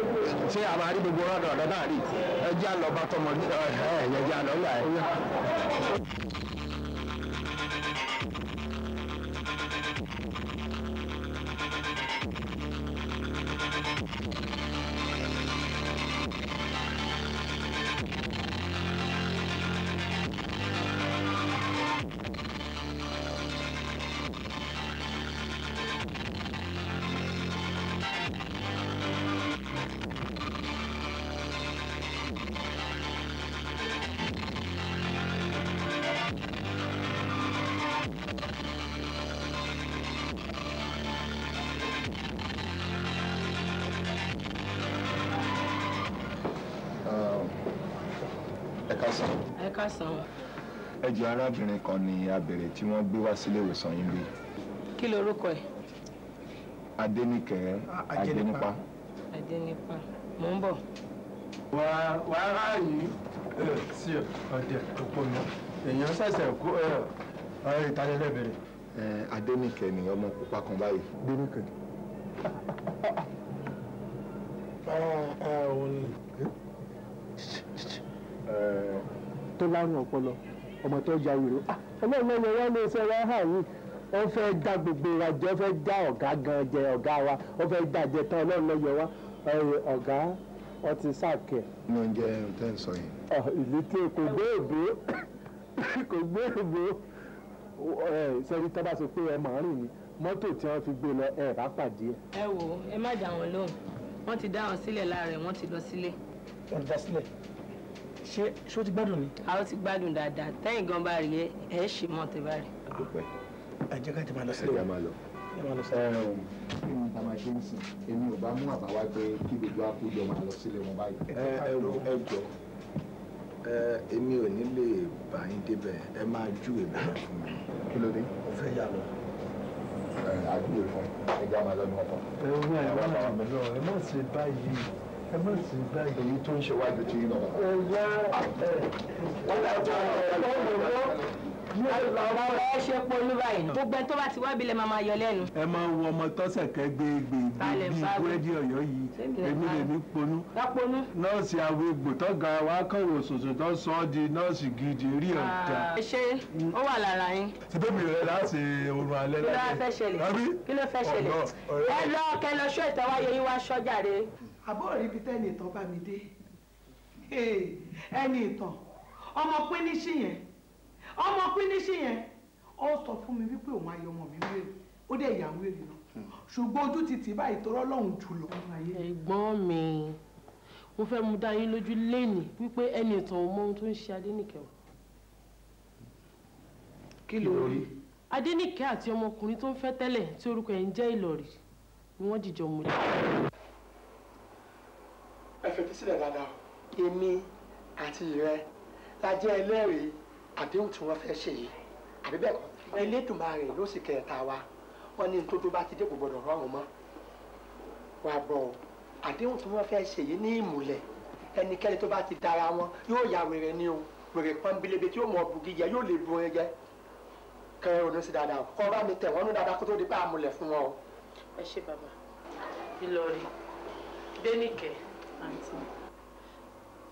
ṣé a máa rí gbogbo ọ̀dọ̀ ọ̀dọ̀ náà rí ẹ jẹ́ àlọ́ bá tọmọ ẹ ẹ yẹ jẹ́ àlọ́ ńlá ẹ. lásán. ẹjọ arábìnrin kan ni abèrè tí wọ́n gbé wá sílé ìwòsàn yín rí. kí lorúkọ ẹ̀. Adéníkẹ́ Adénípa. Adénípa mò ń bọ̀. wà á ráàyè sí ọdẹ òpó mi èèyàn ṣẹ̀ṣẹ̀ kú ìtanilẹ́bẹ̀rẹ̀. Adéníkẹ́ ni ọmọ pupa kan báyìí. Adéníkẹ́ òun ni tó lárùn ọpọlọ ọmọ tó ya wèrè ah, ọlọ́run ẹ̀yẹ wọn lè ṣe wọn hàn yìí wọ́n fẹ́ dá gbogbo wa jẹ wọ́n fẹ́ dá ọ̀gá gan jẹ ọ̀gá wa wọ́n fẹ́ dá jẹ tán ọlọ́run ẹ̀yẹ wa ọ̀gá wọ́n ti sáàkẹ́. inú oúnjẹ tẹ́ ń sọ yìí. Ah, ìlú tí kò gbé èbó kò gbé èbó sẹ́ni tá a bá sọ pé ẹ máa rìn ni mọ́tò tí wọ́n fi gbé lọ ẹ rà pàdé ẹ. ẹ wo ẹ má dá wọn lóhùn wọ́n ti dá wọn sílẹ̀ láàrẹ̀ wọ́n ti lọ sílé. wọ́n dá sílẹ̀ ṣé ṣé o ti gbádùn ni. a ó ti gbádùn dáadáa tẹ́yìn gan bá rí ẹ ṣì mọ́ tẹ bá rí. àdúpẹ́ àjẹ́ ká ti máa lọ sílé wa ẹ máa lọ sí ẹ o kí ni máa ṣe ń sìn èmi ò bá mú àbáwá pé kí gbogbo àkójọ máa lọ sílé wọn báyìí. ẹ ẹ jọ ẹ èmi ò ní lè bá yín débẹ̀ ẹ máa ju èmi lọ fún mi. kí ló dé. mo fẹ́ yà lọ. àdúgbò fún ẹ ẹja máa lọ ní ọkọ. ẹ wọ́n ẹ má sì báyìí. èyí tó ń ṣe wájú ti yín lọ. ẹ yá ẹ ọ̀la tó ń bọ̀ ọ̀rọ̀ ẹ ṣe polú báyìí nù. gbogbo ẹ tó bá ti wá bilẹ̀ máa yọ lẹ́nu. ẹ máa ń wọ ọmọ tọ́sẹ̀ kẹgbẹ́gbẹ́ bíi búrẹ́dì ọ̀yọ́ yìí èmi lè ní ponú. láponú. nọ́ọ̀sì àwẹ̀gbò tọ́ga wa kọ̀wé òṣòṣò tó sọ ọ́ di nọ́ọ̀sì gidi rí ọ̀dà. ẹ ṣe ó wà lára yín. ti bébì rẹ láti oorun alẹ́ láti. kí ló fẹ́ ṣẹlẹ̀ kí ló fẹ́ ṣẹlẹ̀ ẹ lọ kẹ lọ àbúrò rí ibi tẹ́ni ìtàn bá mi dé ẹni ìtàn ọmọ pínísì yẹn ọmọ pínísì yẹn ó sọ fún mi wípé òun ayé ọmọ mi wéèrè ó dẹ̀ ìyàwó èrè náà ṣùgbọ́n ojú ti tì báyìí tọrọ lọ́hùn jùlọ. ẹ̀gbọ́n mi mo fẹ́ mu dá yín lójú lénìí wípé ẹni ìtàn ò mọ ohun tó ń ṣe adénìkẹ́ o. kí ló rí. adénìkẹ́ àti ọmọkùnrin tó ń fẹ́ tẹ́lẹ̀ tí orúkọ ẹ̀ ń jẹ́ ìlọ̀rí ni wọ́n dìjọ mú lọ ẹ fetí sílẹ̀ dáadáa èmi àti rẹ la jẹ́ ẹlẹ́rìí àdéhùn tí wọ́n fẹ́ ṣe yìí àbí bẹ́ẹ̀ kọ́ Elédùmarè ló sì kẹta wa wọ́n ní nítorí bá ti dé kò gbọ́dọ̀ rọrùn mọ́ wà bọ̀ àdéhùn tí wọ́n fẹ́ ṣe yìí ní ìmùlẹ̀ ẹnikẹ́ni tó bá ti dára wọn yóò ya wèrè ni o wèrè pọ́nbélébé tí yóò mọ bùgì jẹ yóò lè bu orin jẹ kẹrin ònú sí dáadáa kọ́ bá mi tẹ̀ wọ́n nú dáadáa kó tó di pé àmúlẹ̀ fún wọn o. ẹ ṣe bàbá Ìlọrin Dénìkẹ́ àǹtí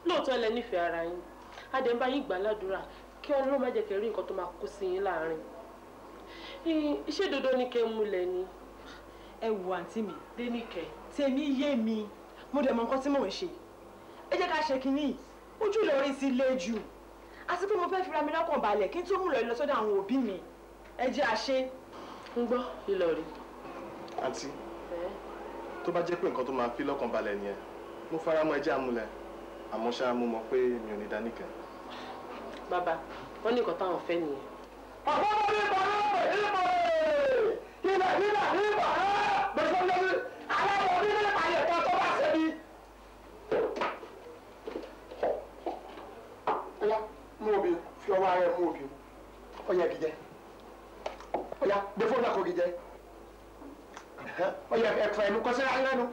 lóòótọ́ ẹ lẹ nífẹ̀ẹ́ ara yín adé ń bá yín gbà ládùúrà kí ọlọ́run má jẹ́ kẹ́ rí nǹkan tó máa kó sí yín láàrin ṣé dodo ni kẹ́ ń múlẹ̀ ni. ẹ wo àǹtí mi dénìkẹ́ tèmi yé mi mo dẹ̀ mọ nǹkan tí mò ń ṣe ẹ jẹ́ ká ṣe kínní ojú Ìlọrin ti le jù àti pé mo fẹ́ fira mi lọ́kàn balẹ̀ kí n tó mú lọ sọ́dọ̀ àwọn òbí mi ẹ jẹ́ àṣe. ń gbọ́ Ìlọrin. àǹtí tó bá jẹ́ pé nǹkan tó máa fi lọ́kàn balẹ̀ nìyẹn mo fara mọ́ ẹjẹ́ amúlẹ̀ àmọ́ ṣá mo mọ̀ pé mi ò ní dá nìkan. bàbá wọn ní nǹkan táwọn fẹ́ nìyẹn. àbọ̀ mi ní ìbọn náà ìbọn ìbọn ìbọn ìbọn bẹ̀sẹ̀ lórí aláwọ̀ orí ní ìpàlẹ̀ kan tó bá ṣe bí. ọ̀yá mú obì fi ọwọ́ ara ẹ̀ mú obì ọ̀yá gíjẹ́ ọ̀yá gbé fóònù náà kò gíjẹ́ ọ̀yá ẹ̀fọ́ ẹ̀nu kọ́sẹ́ ayé lẹ́nu.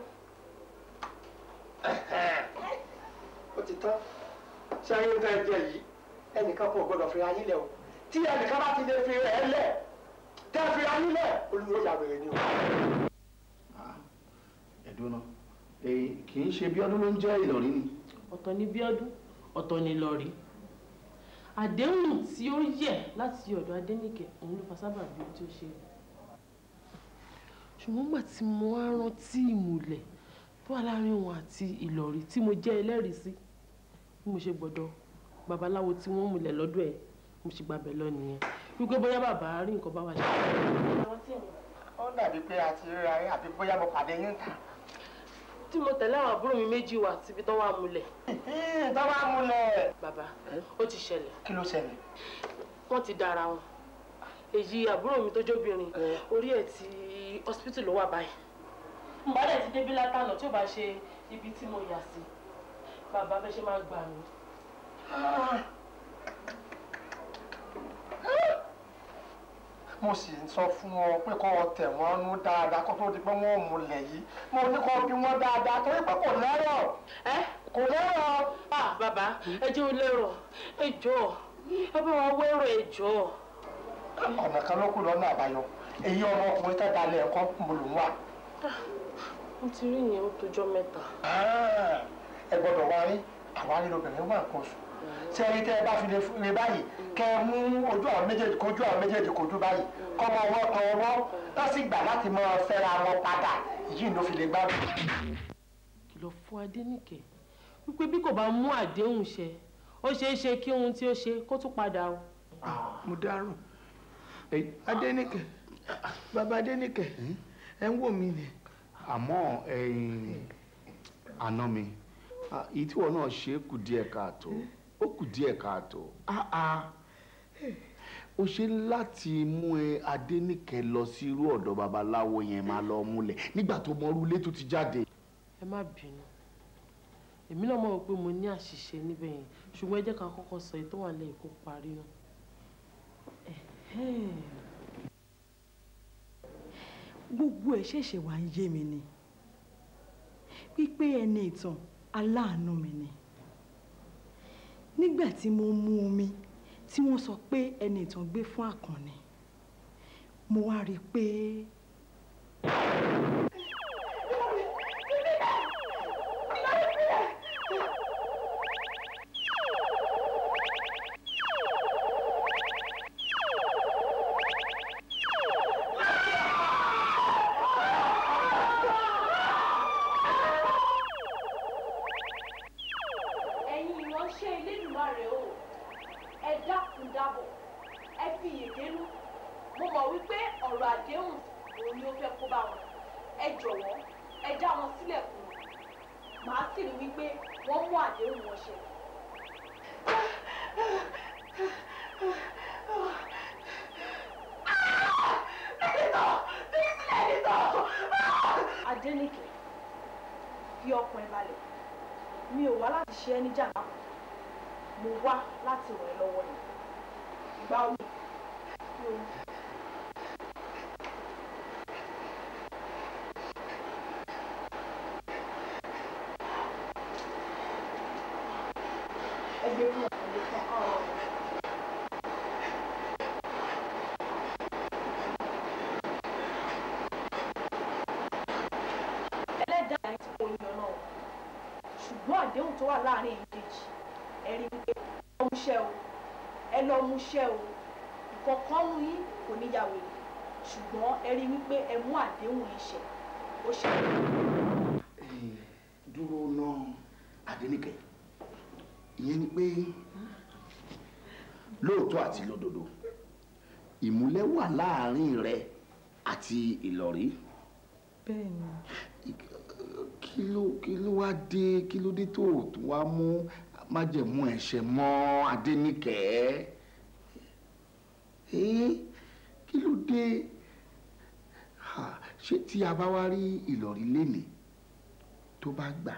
ẹnìkan kò gbọdọ̀ fira yín lẹ̀ o tí ẹnìkan bá ti lè fi rẹ̀ lẹ̀ tẹ́ fira yín lẹ̀ olùwọ́ ìyá wèrè ni o. Ah, ẹ̀dùnà kì í ṣe bíọ́dún ló ń jẹ́ ìlọ̀rí ni. ọ̀tọ̀ ni bíọ́dún ọ̀tọ̀ ni ìlọ̀rí àdéhùn tí ó yẹ láti ọ̀dọ̀ adẹ́nìkẹ́ òun ló fa sábà bí tí ó ṣe ṣùgbọ́n gbà tí mo wá rántí ìmùlẹ̀ tó wà láàrin òun àti ìlọ̀rí tí mo jẹ́ ẹlẹ́rìí sí bí mo ṣe gbọ́dọ̀ babaláwo tí wọ́n múlẹ̀ lọ́dọ̀ ẹ̀ mo sì gbàbẹ̀ lọ nìyẹn wípé bóyá bàbá rí nǹkan bá wà ṣe. ó dàbí pé a ti ríra rí àbí bóyá mo pàdé yín ta. tí mo tẹ̀lé àwọn àbúrò mi méjì wá síbi tó wà múlẹ̀. tó wà múlẹ̀. bàbá ó ti ṣẹlẹ̀. kí ló ṣẹlẹ̀. wọ́n ti dára wọn èyí àbúrò mi tó jóbìnrin orí ẹ̀ ti hospital ló wà báyìí. mbàdàn ti débí látànà tí ò bá ṣe ibi tí mo yà sí bàbá bẹ́ẹ̀ ṣe máa gbà mí mo sì ń sọ fún wọn pé kọ́ tẹ̀ wọ́n nú dáadáa kó tó di pé wọ́n ò múlẹ̀ yìí mo ní kọ́ bí wọ́n dáadáa torí pé kò lẹ́rọ̀ kò lẹ́rọ̀. bàbá ẹ jẹ́ olérò ẹ jọ̀ọ́ ẹ bá wa wérò ẹ jọ̀ọ́. ọ̀nà kan ló kù lọ́nà àbáyọ èyí ọmọkùnrin tẹ́ dalẹ̀ ẹ̀kọ́ mo lò wá. mo ti rí ìyẹn ó tójọ́ mẹ́ta. ẹ gbọ́dọ̀ wá rí àwárí lóbìnrin wà nǹkan oṣù sẹ́yìn tẹ́ ẹ bá fi lè báyìí kẹ́ ẹ mú ojú àwọn méjèèjì kojú àwọn méjèèjì kojú báyìí kọ́mọ ọwọ́ kan ọwọ́ lọ́sìgbà láti mọ fẹ́ra wọn padà yìí ló fi lè gbádùn. kìlọ̀ fún Adénìkẹ́ wípé bí kò bá mú àdéhùn ṣẹ ó ṣeé ṣe kí ohun tí ó ṣe kó tún padà o. Ah, mo dárùn Adénìkẹ́ bàbá Adénìkẹ́ ẹ ń wò mí ni. àmọ́ àná mi ìtìwọ́ ah, náà ṣe é kù díẹ̀ káàtó ó kù díẹ̀ káàtó ó ah, ah. ṣe láti mú ẹ adénìkẹ lọ sí irú ọ̀dọ̀ babaláwo yẹn máa lọ múlẹ̀ nígbà tó mọ orúlé tó ti jáde. ẹ má bínú èmi náà mọ̀ pé mo ní àṣìṣe níbẹ̀ yẹn ṣùgbọ́n ẹ jẹ́ ká kọ́kọ́ sọ èyí tó wà lẹ́yìn kó parí náà. gbogbo ẹ̀ ṣẹ̀ṣẹ̀ wá ń yé mi ni pípé ẹni ìtàn aláàánú mi ni nígbà tí mo mú omi tí wọ́n sọ pé ẹni ìtàn gbé fún àkànní mo wá rí i pé. atẹ́gùn tó wà láàrin ìjèjì ẹ rí wípé ẹ lọ múṣẹ́ o ẹ lọ múṣẹ́ o ìkọ̀kan nu yín kò níyàwó rẹ̀ ṣùgbọ́n ẹ rí wípé ẹ mú àdéhùn yín ṣẹ ó ṣe. dúró náà Adéníkẹ́ ìyẹn ni pé lóòótọ́ àti lódodo ìmúlẹ̀ wà láàrin rẹ àti Ìlọ̀rí. tó o tó wá mú májẹ̀mú ẹ̀ṣẹ̀ mọ́ Adéníkẹ́ kí ló dé ṣé tí a bá wá rí Ìlọ̀rí lénìí tó bá gbà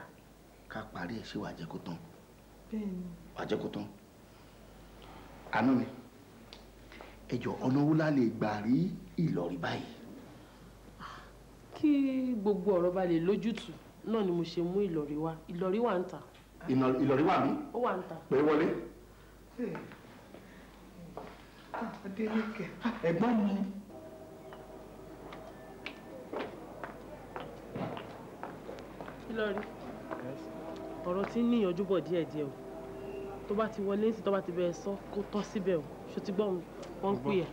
ká parí ẹ̀ ṣé wàá jẹ́ kó tán wàá jẹ́ kó tán àánú mi ẹjọ ọ̀nà wo la lè gbà rí Ìlọ̀rí báyìí. kí gbogbo ọ̀rọ̀ ba lè lójútùú náà ni mo ṣe mú ìlọ̀rí wá ìlọ̀rí wà ń ta. ìlọ̀rí wà mí. ó wà ń ta. pé wọlé. Ah, Adélékè ẹ̀gbọ́n mi. ìlọ̀rí ọ̀rọ̀ tí ń níyànjú bọ̀ díẹ̀díẹ̀ o tó bá ti wọlé ní ti tó bá ti bẹ̀rẹ̀ sọ kó tọ́ síbẹ̀ o ṣó ti gbọ́ wọn pè é.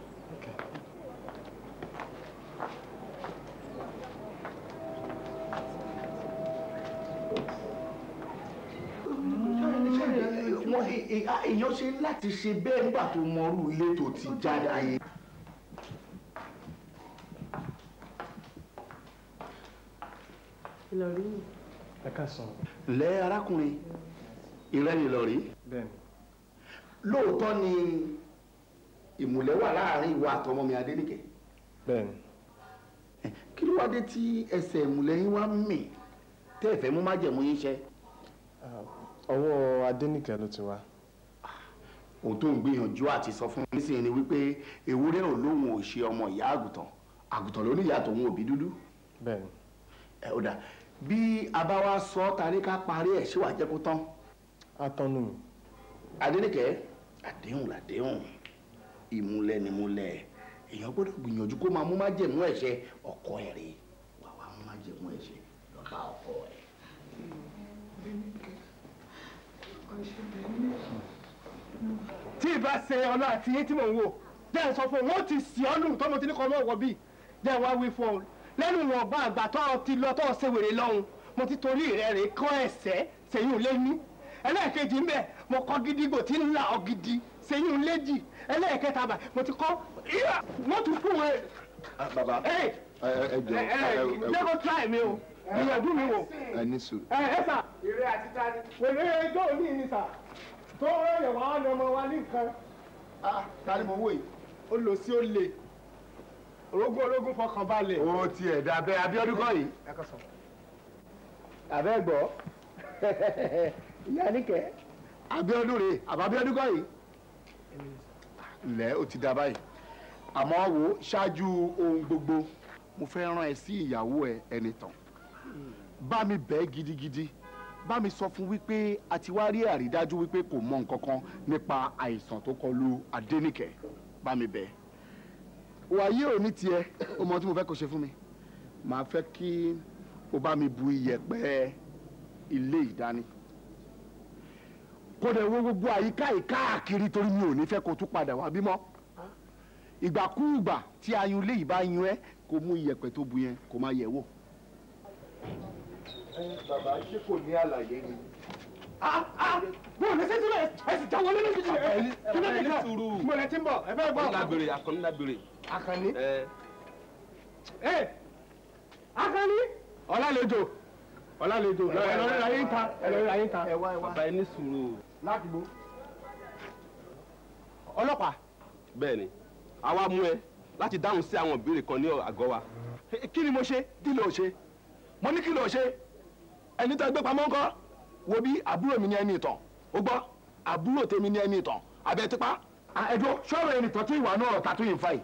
èèyàn ṣe láti ṣe bẹ́ẹ̀ nígbà tó mọrú ilé tó ti jáde ayé. ìlọrí mi. ẹ ká sọ. lẹ arákùnrin ìrẹ́ni lọ́rí. bẹ́ẹ̀ni. lóòótọ́ ni ìmùlẹ̀ wà láàrin ìwà àtọmọ mi adénìkẹ́. bẹ́ẹ̀ni. kí ló wá dé tí ẹsẹ̀ ìmùlẹ̀ yín wá mì tẹ́ ẹ̀fẹ́ mú májẹ̀mú yín ṣẹ. ọwọ́ adénìkẹ́ ló ti wá ohun tó ń gbìyànjú àti sọ fún mi nísìnyí ni wípé ewúrẹ́ ò lóhùn ò ṣe ọmọ ìyá àgùntàn àgùntàn ló ní ìyá tòun òbí dúdú. bẹ́ẹ̀ni. ẹ ò dà bí a bá wá sọ ọ́ ta ní ká parí ẹ̀ ṣé wàá jẹ́ kó tán. a tán nù. adénìkẹ́ àdéhùn ni múlẹ̀ èèyàn gbọ́dọ̀ gbìyànjú kó máa mú májẹ̀mú ẹ̀ṣẹ̀ ọkọ ẹ̀ rèé wàá mú májẹ̀mú ẹ̀ṣẹ̀ lọ́ba ọkọ ẹ̀. adénìkẹ́ ọ̀ṣẹ̀ tí ì bá ṣe ọlọ́ àti yín tí mò ń wò jẹ́ sọ fún un wọ́n ti sì ọ́ lù tọ́mọ tí ní kọ́ wọ̀ bí jẹ́ wá wí fún ọ lẹ́nu wọn ọba àgbà tó ti lọ tó ṣe wèrè lọ́hùn mo ti torí rẹ̀ rè kọ́ ẹ̀sẹ̀ sẹ́yìn lé ní ẹlẹ́ẹ̀kejì ń bẹ̀ mo kọ́ gidigbo tí ń la ọ gidi sẹ́yìn léjì ẹlẹ́ẹ̀kẹta bà mo ti kọ́ wọ́n tún fún wọn. Ah, bàbá ẹ eh, eh, eh, jọ ẹ ẹ dẹ́kun tíráì mi o ìyẹ̀dú mi wò. ẹ ní sùúrù. ẹ ẹ sà. èrè àti tani. èrè ẹjọ́ òní ni sà tó rẹ̀yàn wá ọ̀nà ọmọ wa ní nǹkan ta ni mo wò yìí ó lọ sí ó lè orógún orógún fọkàn balẹ̀. o ti ẹ̀ dàbẹ́ Abíọ́dún kọ́ yìí. àbẹ́ gbọ́ ìyá níkẹ́ Abíọ́dún rèé àbá Abíọ́dún kọ́ yìí. ilẹ̀ ó ti da báyìí àmọ́ wo ṣáájú ohun gbogbo mo fẹ́ rán ẹ sí ìyàwó ẹ Ẹnìtàn bá mi bẹ́ẹ̀ gidigidi bá mi sọ fún wípé a ti wá rí àrídájú wípé kò mọ nǹkan kan nípa àìsàn tó kọlu Adénìkẹ́ bá mi bẹ̀. wàyí ò ní tiẹ̀ o mọ tí mo fẹ́ kó ṣe fún mi màá fẹ́ kí o bá mi bu iyẹ̀pẹ̀ ilé ìdání kódà wo gbogbo àyíká ìkáàkiri torí mi ò ní fẹ́ kó tún padà wá bímọ ìgbàkúùgbà tí ayùn ilé yìí bá yún ẹ kó mú iyẹ̀pẹ̀ tó bu yẹn kó má yẹ̀ wò bàbá ṣé kò ní àlàyé ni. Ah, ah, mo ní sí sílẹ̀ ẹ sì jáwọ́ lórí ìdíje rẹ̀ kí ló dé náà mo lè ti ń bọ̀ ẹ fẹ́ gbọ́. lábìrì akọni lábìrì. akọni. ẹ akọni ọlálejò ọlálejò ẹ lọ rí ayé ń ta ẹ lọ rí ayé ń ta. bàbá ẹ ní sùúrù. láti bo ọlọ́pàá. bẹ́ẹ̀ni àwa mú ẹ láti dáhùn sí àwọn ìbéèrè kan ní àgọ́ wa. kí ni mo ṣe kí ló ṣe mo ní kí ló ṣe ẹni tó gbé pamọ́ ńkọ́ wo bí àbúrò mi ní ẹni ìtàn ó gbọ́ àbúrò tèmi ní ẹni ìtàn abẹ́ tipa. ẹ̀dọ́ sọ̀rọ̀ ẹni tọ́tí ìwà náà ọ̀tà tó yìn fa yìí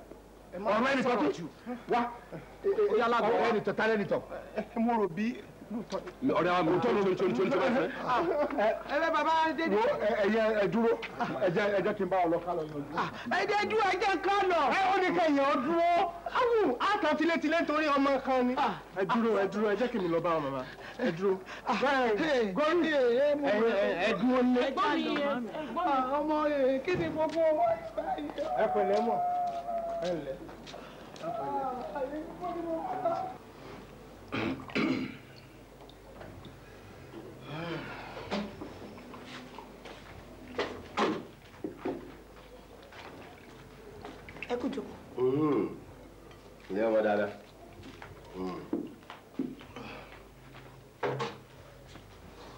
ọ̀rọ̀ ẹni tọ́tí wá ẹ̀yà lágbo ẹni tọ́tà ẹni tọ́. mo rò bí ọ̀rẹ́ àwọn ọ̀tọ́ ló ń tó ní tó ní tó bá fẹ́. ẹ bẹ bàbá dédé. wo ẹyẹ ẹ dúró ẹjẹ ẹjẹ kí n bá ọ lọ ká lọ yanjú. ẹjẹ dúró ah, ẹjẹ ká lọ. ẹ ó ní kẹyìn ọ dúró. awù àtàn tilétilé torí ọmọ kan ni. Ah, ẹ dúró ẹ dúró ẹjẹ kí mi lọ bá ọ màmá ẹ dúró. Ah, gọ́rí ẹ dúró lé. ẹgbọ́n mi ọmọ eh, kí ni gbogbo ọmọ yìí. ẹ pẹ̀lẹ́ mọ̀ ẹ lẹ ẹ kú jókòó. Hmm. ǹjẹ́ ọmọ dáadáa. Hmm.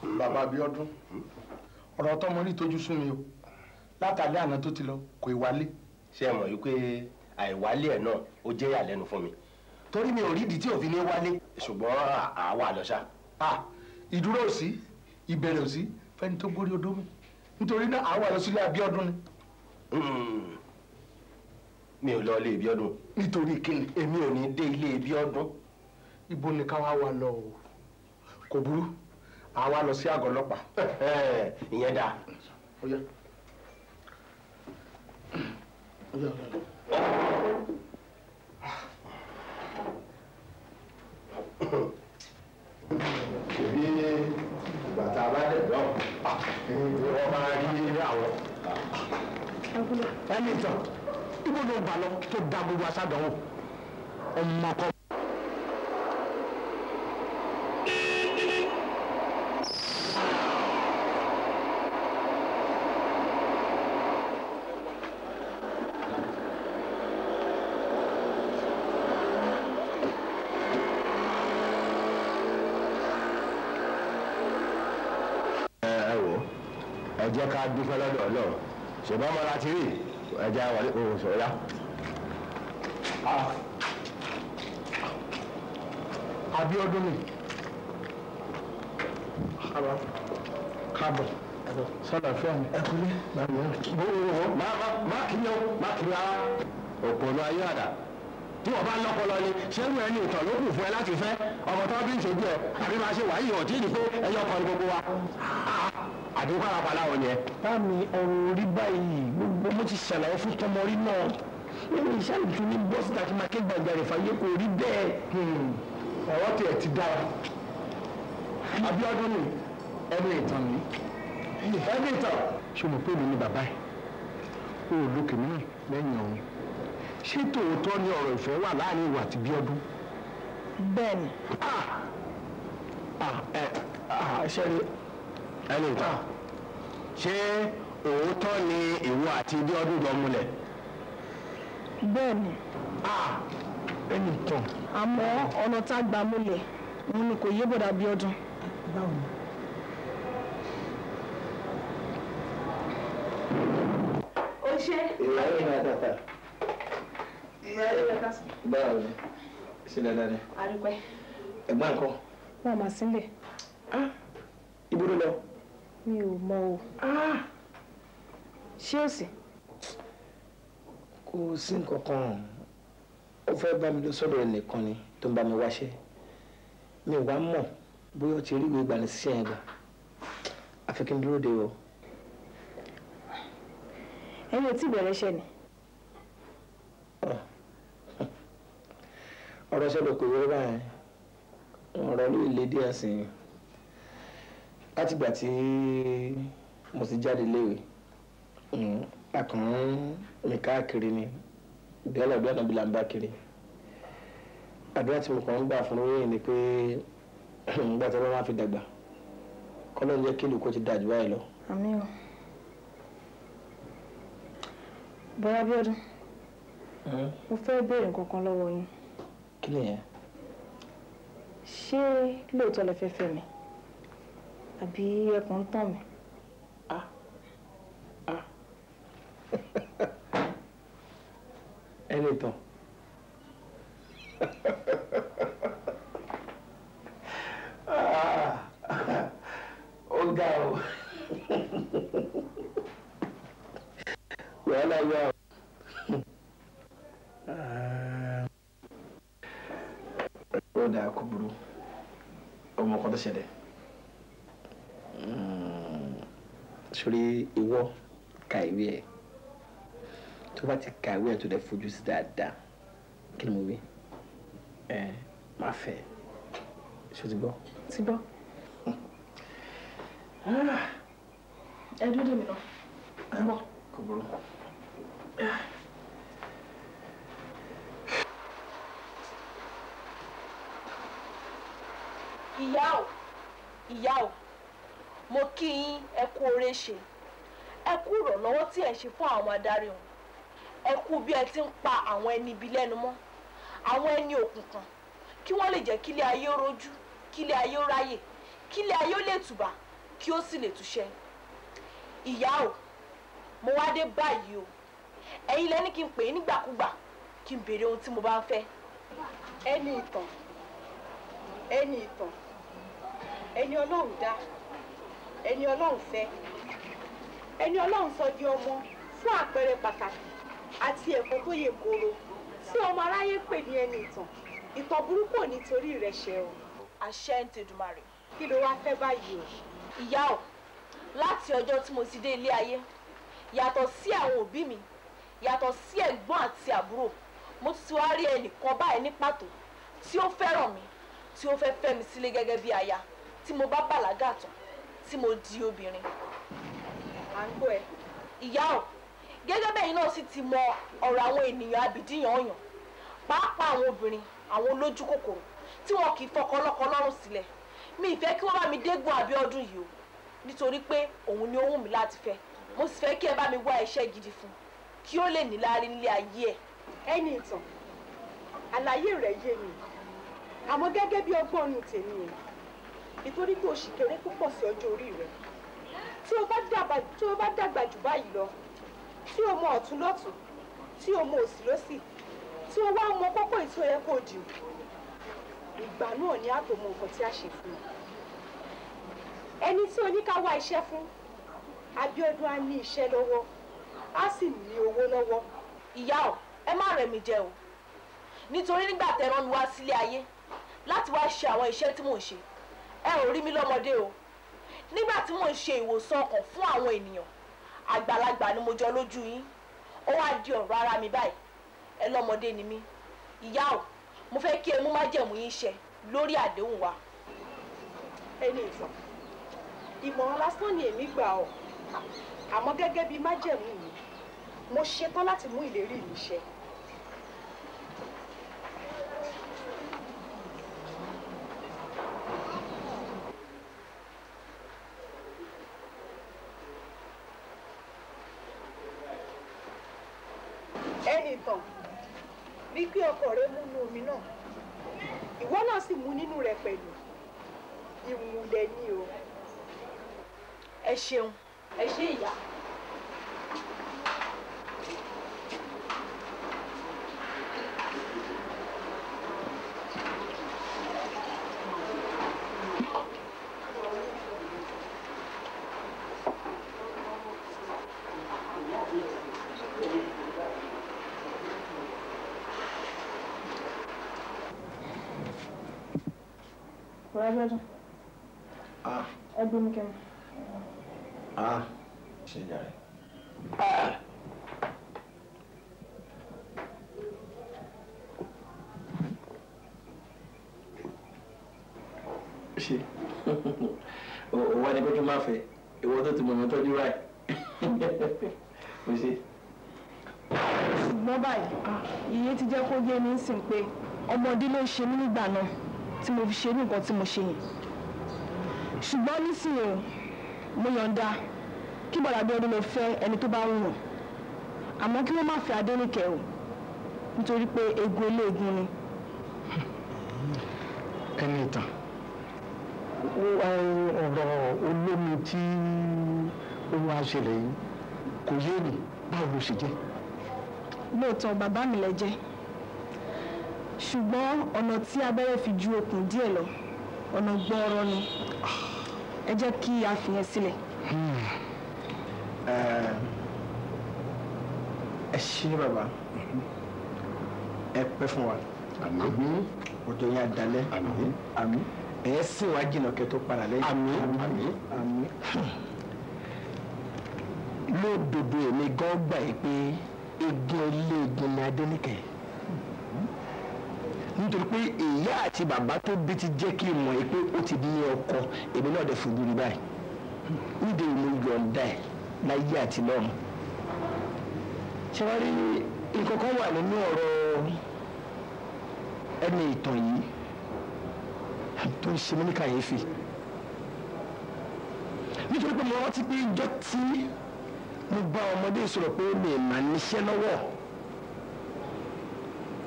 Hmm. bàbá Abíọ́dún ọ̀rọ̀ tọ́mọ ní tójú sú mi o látàlí àná tó ti lọ kò ì wálé. ṣé ẹ mọ̀ yìí pé àìwálé ẹ̀ náà ó jẹ́ ìyàlẹ́nu fún mi torí mi ò rí ìdí tí òfin ní wálé. ṣùgbọ́n àwa lọ ṣá. ìdúró sí ìbẹ̀rẹ̀ òsì fẹ́ni tó gbórí odó mi nítorí náà àwọn àlọsílẹ Abíọ́dún ni. mi ò lọ ilé Abíọ́dún. nítorí kíni èmi ò ní dé ilé Abíọ́dún. ibo ni ká wá wa lọ o kò burú àwa lọ sí àgọ́ ọlọ́pàá. <laughs> ìyẹn dáa. ọ̀yá Yeah aládẹ̀dọ́ ìwọ máa rí àwọn. ẹni tán ibo ló ń bá tó da gbogbo aṣáájú ọ̀hún ká dúpẹ́ lọ́dọ̀ ọlọ́run ṣùgbọ́n mo la ti rí ẹja wọlé ohun sọ̀rọ̀ ah. Abíọ́dún mi kábọ̀ sọ̀rọ̀ fún mi ẹkúlé báwo má kiri o má kiri ara òpònú ayé àdá tí wọ́n bá lọ́pọlọ ni sẹ́nu ẹni ìtàn ló kù fún ẹ láti fẹ́ ọmọ tó bí ń ṣojú ẹ àbí máa ṣe wàá yìí ọ̀tí ìdí ẹyọ kan gbogbo wa àbí wàhálà bàlá wọn yẹn. báàmì ọ̀rọ̀ orí báyìí gbogbo mo ti ṣàlàyé fún tọmọrí náà nínú iṣẹ́ ìtún ní bọ́sì àti máa ké gbàgbàrẹ̀ fàyè kò rí bẹ́ẹ̀. Hmm. ọ̀rọ̀ tiẹ̀ ti dára Abíọ́dún ni ẹni ìtàn ni ẹni ìtàn. ṣé mo pè mí ní bàbá ẹ̀ o ò lókè mí náà lẹ́yìn ọ̀hún ṣé tòótọ́ ni ọ̀rọ̀ ìfẹ́ wà láàrin ìwà àti Bíọ́dún. bẹ́ẹ̀ni. Ah! Ah, ah, ṣe rí ẹnìkan ṣé òótọ́ ni ìwọ àti ibi ọdún jọ múlẹ̀. bẹ́ẹ̀ ni. ẹnìkan. àmọ́ ọ̀nà tá a gbà múlẹ̀ òun ni kò yé bọ̀dà bí ọdún. báwo ni. o ṣe. ìyàwó mi àtàtà. ìyàwó mi àtàtà. báwo ni ṣe dáadáa ni. àrùpẹ́. ẹ̀gbọ́n nǹkan. wọn ò mà sílẹ̀. Ah, ibo ló lọ mi ò mọ o ah! ṣé o sì. kò sí nǹkan kan ó fẹ́ bá mi lọ sọ́dọ̀ ẹnìkan ni tó ń bá mi wáṣẹ́ mi ò wá mọ̀ bóyá ó ti rí ìwé ìgbanisíṣẹ́ yẹn gbà àfi kí n dúró de o. ẹni ò tí ì bẹ̀rẹ̀ iṣẹ́ ni. Ah. ọ̀rọ̀ ṣẹlẹ̀ kò yẹ báyìí ọ̀rọ̀ ló lè dé ẹ̀sìn látìgbà tí mo ti jáde léwe àkàn mm, mi káàkiri ni ìdílé ọ̀dọ́ àná bí là ń bá kiri àdúrà tí mo kàn ń gbà fún lóyè ni pé <clears throat> nígbà tí wọ́n máa fi dàgbà kọ́lọ́ ń jẹ́ kí ìlú kó ti dàjú báyìí lọ. àmín o bọ́lá bíọ́dún hmm? mo fẹ́ béèrè nǹkan kan lọ́wọ́ yín. kí lèyẹn. ṣé lóòótọ́ lẹ fẹ́ fẹ́ mi àbí ẹkùn ń tàn mí. Ah, ah. <laughs> ẹni tán <laughs> ah, <laughs> ó ga o wàhálà wà o. ó dáa kó burú ọmọ kan ṣẹlẹ̀. Mm. sórí ìwọ ka ìwé ẹ tó bá ti ka ìwé ẹ tó dẹ fojú sí dáadáa kí ni mo wí ẹ máa fẹ́ ṣó ti gbọ́. ti gbọ́. Ah, ẹ dúró dè mí lọ. ẹ bọ̀. kò burú. ìyá o ìyá o mo kí yín ẹ kú oore ṣe ẹ kú ìrànlọ́wọ́ tí ẹ ṣe fún àwọn adarí wọn ẹ kú bí ẹ ti ń pa àwọn ẹni ibi lẹ́nu mọ́ àwọn ẹni òkùnkùn kí wọ́n lè jẹ́ kílé ayé rojú kílé ayé ráyè kílé ayé lè tùbà kí ó sì lè túṣẹ ìyá o mo wá dé báyìí o ẹ̀yin lẹ́ni kí n pè é nígbàkúgbà kí n béèrè ohun tí mo bá ń fẹ́. ẹni ìtàn ẹni ìtàn ẹni ọlọ́run dá ẹni ọlọ́run fẹ́ ẹni ọlọ́run sọ di ọmọ fún àpẹẹrẹ pàtàkì àti ẹ̀kọ́ tó yè koro tí ọmọ aráyé pè ní ẹni ìtàn ìtàn burúkú ò ní torí rẹ̀ ṣẹ o. àṣẹ ń tẹdùmarè. kí ló wáá fẹ́ báyìí o. ìyá o láti ọjọ́ tí mo ti dé ilé ayé yàtọ̀ sí àwọn òbí mi yàtọ̀ sí ẹ̀gbọ́n àti àbúrò mo ti wá rí ẹnìkan báyìí ní pàtó tí ó fẹ́ràn mi tí ó fẹ́ fẹ́ mi sílé gẹ́gẹ́ bí aya tí mo bá bàlágà tán tí mo di obìnrin. à ń gbọ́ ẹ. ìyá o gẹ́gẹ́ bẹ́yìn náà sì ti mọ ọ̀rọ̀ àwọn ènìyàn abìdíyàn ọ̀yàn pàápàá àwọn obìnrin àwọn olójú kòkòrò tí wọn kì í fọkọ ọlọ́kọ lọ́rùn sílẹ̀ mi ìfẹ́ kí wọ́n bá mi dégbò Abíọ́dún yìí o nítorí pé òun ni ó wù mí láti fẹ́ mo sì fẹ́ kí ẹ bá mi wá iṣẹ́ gidi fún un kí ó lè níláárí nílé ayé ẹ̀. ẹni ìtàn àlàyé rẹ̀ yé mi àmọ́ gẹ́gẹ́ bí ọgbọ́n ọ̀nù tèmi yẹn nítorí pé o ṣì kéré púpọ̀ sí ọjọ́ orí rẹ tí o bá dàgbà jù báyìí lọ tí o mọ ọ̀tún lọ́tún tí o mọ òsì lọ́sì tí o wá mọ kókó èyí tí ó yẹ kó dì ìgbà náà ni a tó mọ nǹkan tí a ṣe fún un ẹni tí oníkàwá iṣẹ́ fún Abíọ́dún á ní iṣẹ́ lọ́wọ́ á sì ní owó lọ́wọ́. ìyá ọ ẹ má rẹ̀ mí jẹ o nítorí nígbà tẹ́ rán mi wá sílé ayé láti wá ṣe àwọn iṣẹ́ tí mò ń ṣe ẹ ò rí mi lọ́mọdé o nígbà tí mò ń ṣe ìwòsàn ọkàn fún àwọn ènìyàn àgbàlagbà ni mo jọ lójú yín ó wá di ọ̀rọ̀ ara mi báyìí ẹ lọ́mọdé ni mí ìyá o mo fẹ́ kí ẹ mú májẹ̀mú yín ṣẹ lórí àdéhùn wa. ẹni ìfọ̀ ìmọ̀ràn lásán ni èmi gbà ọ́ àmọ́ gẹ́gẹ́ bíi májẹ̀mú mi mo ṣetán láti mú ìlérí mi ṣẹ. náà ìwọ náà sì mú nínú rẹ pẹ̀lú ìmùlẹ̀ ni o ẹ ṣeun ẹ ṣe ìyá. ṣe <laughs> wà ní pé kí n má fẹ́ ìwọ tó ti mọ̀ mọ́ tọ́jú ráì mo <laughs> ṣe. ṣùgbọ́n báyìí iye ah, ti jẹ́ kó yé mi sìn pé ọmọdé ló ń ṣe mí nígbà náà tí mo fi ṣe ní nǹkan tí mo ṣe yẹn ṣùgbọ́n nísìnyí o mo yọ̀ǹda kí bọ̀dàbí ọdún lè fẹ́ ẹni tó bá wù wọ́n àmọ́ kí wọ́n má fẹ́ Adéníkẹ́ o nítorí pé egun eléegun ni. ẹni ìtàn ọ̀rọ̀ olómi tí ohun àṣẹlẹ̀ yìí kò yé mi báwo ló ṣe jẹ́. lóòótọ́ bàbá mi lẹ jẹ́ ṣùgbọ́n ọ̀nà tí abẹ́rẹ́ fi ju okùn díẹ̀ lọ ọ̀nà gbọ́ọ̀rọ̀ ni ẹ jẹ́ kí a fi yẹn sílẹ̀. Hmm. ẹ ṣe bàbá ẹ pẹ́ fún wa ọjọ́ yẹn á dalẹ̀ àmín ẹ sì wá jìnnà kẹ́ tó padà lẹ́yìn. àmín àmín àmín. lódodo èmi gan gbà yìí pé egun ilé egun ni adélèké nítorí pé ìyá àti bàbá tó bí ti jẹ́ kí n mọ̀ yìí pé ó ti ní ọkọ èmi náà dẹ̀ fojú rí báyìí nídìí ìlú yọ̀ǹda ẹ̀ láyé àti lọ́run ṣé wàá rí nǹkan kan wà nínú ọ̀rọ̀ ẹni ìtàn yìí tó ń ṣe mí ní kàyéfì nítorí pé mo rántí pé ìjọ tí mo bá ọmọdé sọ̀rọ̀ pé ó lè mà níṣẹ́ lọ́wọ́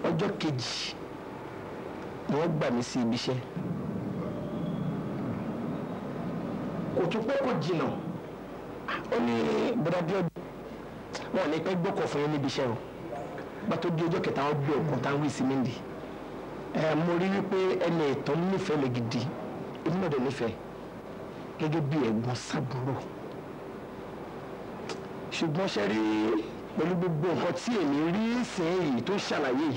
ọjọ́ kejì ni wọ́n gbà mí sí ibi iṣẹ́ kò tún pẹ́ kò jìnnà ó ní bọ́dá bí ọdún wọn ò ní pẹ́ gbọ́kọ̀ fún yín níbi iṣẹ́ o bá tó di ọjọ́ kẹta wọn gbé òkúta ń mi nìyí ẹ mo rí wípé ẹnì ìtàn nífẹ̀ẹ́ mi gidi èmi náà dẹ̀ nífẹ̀ẹ́ gẹ́gẹ́ bí ẹ̀gbọ́n sábúrò ṣùgbọ́n ṣe rí pẹ̀lú gbogbo nǹkan tí èmi rí sẹ́yìn tó ṣàlàyé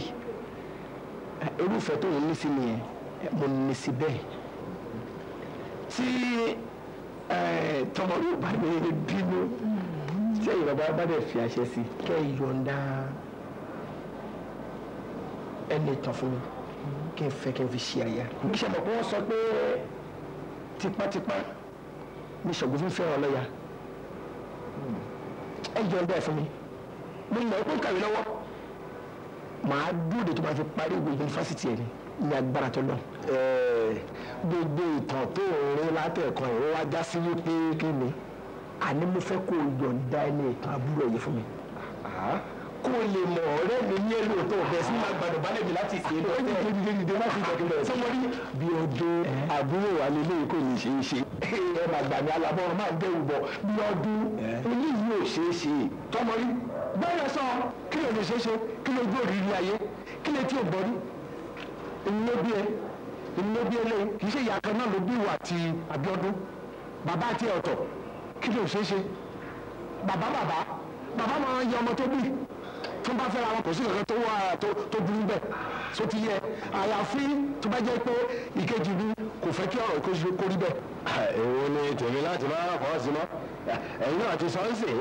irúfẹ́ tó ń ní sí nìyẹn mo ní sí bẹ́ẹ̀ tí tọmọdé bá ní bínú tí ẹ̀yin bàbá bá dẹ̀ fi àṣẹ sí kẹ́ ẹ̀ yọ̀ǹda ẹnì ìtàn fún mi kí n fẹ́ kí n fi ṣe àyà. níṣẹ́ mọ̀ pé wọ́n sọ pé tipátipá ni ṣògùn fífẹ́ wọn lọ́ya ẹ jọ ọdọ ẹ fún mi mo mọ̀ pé kàwé lọ́wọ́ màá dúró tó máa fi parí ìwé yunifásitì ẹ̀ ní agbára tó lọ. gbogbo ìtàn tó ń rí látẹ̀kọ́ ìwé wá já sí wípé kí ni àní mo fẹ́ kó o yọ̀ǹda ẹni ìtàn àbúrò yìí fún mi. Ah, ah kó lè mọ̀ ọ̀rẹ́ mi ní ẹlò tó fẹ́ sí máa gbàdọ̀ bá lẹ́bi láti ṣe é lọ́tẹ́. ó ní dídí dídí láti ìjọba rẹ̀. sọmọdé bí ọdún àbúrò wa lè léyìí kò ní ṣe é ṣe. ẹ máa gbà mí alábọ́rọ̀ máa ń dẹ́rù bọ̀ bí ọdún eléyìí ò ṣe é ṣe. tọmọrí bẹ́ẹ̀ sọ kí ló lè ṣe é ṣe kí ló gbó rírí ayé kí lè tí ò bọ́rí. èmi ló bí ẹ èmi ló bí ẹ lẹ́yìn bàbá àti ọ̀tọ̀ ọmọ tó bí tó bá fẹ́ra wọn kò sí kankan tó wà tó burú bẹ́ẹ̀ tó ti yẹ àyàfi tó bá jẹ́ pé ìkejì mi kò fẹ́ kí ọ̀rọ̀ kejì kó rí bẹ́ẹ̀. <laughs> èwo ni tèmi láti máa fọwọ́ sí mọ́ ẹ̀yin náà ti sọ ń sìn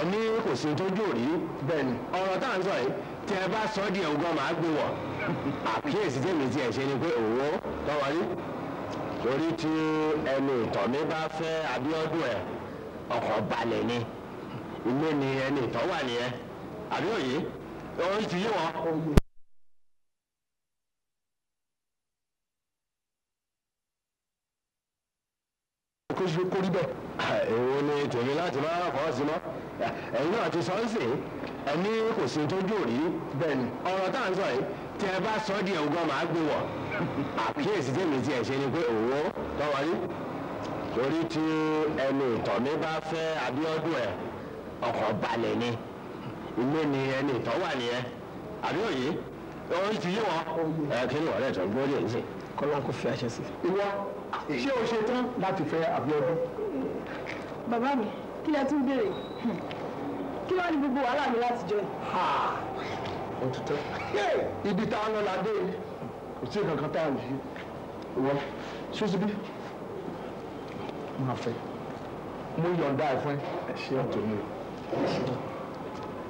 ẹ̀mí kò sí tójú òrí bẹ́ẹ̀ ni ọ̀rọ̀ tá à ń sọ yìí tí ẹ bá sọ díẹ̀ ogun máa gbé wọ̀ <laughs> àkíyèsí tèmi ti ẹ̀ ṣe ni pé òwò tọ́wọ́rí torí tí ẹnu ìtọ̀ mi bá fẹ́ Abíọ́dún ẹ̀ ọkọ̀ balẹ̀ ni ilé ni ẹni ìtọ́ wà nìyẹn àbí òye ọ̀rọ̀ ti yé wọn. kó ṣe bẹ́ẹ̀. èwo ni tèmi láti máa rà fọwọ́ sí mọ́ ẹ̀yin náà ti sọ ń sìn ẹni kò sí tójú òrí bẹ́ẹ̀ ni ọ̀rọ̀ tá à ń sọ yìí tí ẹ bá sọ díẹ̀ ogun máa gbé wọ̀ àkíyèsí tèmi tí ẹ ni pé òwò tọ́wọ́ torí tí ẹnu ìtọ̀ mi bá fẹ́ Abíọ́dún ẹ̀ ọkọ̀ balẹ̀ ni ilé ni ẹni ìtọ́ wà nìyẹn àbí òye orí ti yí wọn ẹ kí ni wọn rẹ tó ń gbórí èyí sí. kọ́lá kò fi àṣẹ sí. ìwọ ṣé o ṣe tán láti fẹ́ Abíọ́dún. bàbá mi kí lẹ tún béèrè kí wàá ní gbogbo wàhálà mi láti jọ yìí. ó ti tán. ibi tá a lọ la dé yìí kò sí kankan tá a lè ṣe ìwọ ṣóṣì bí máa fẹ́ mo yọ̀ǹda ẹ̀ fún ẹ ẹ ṣe àtúnyẹ̀wò.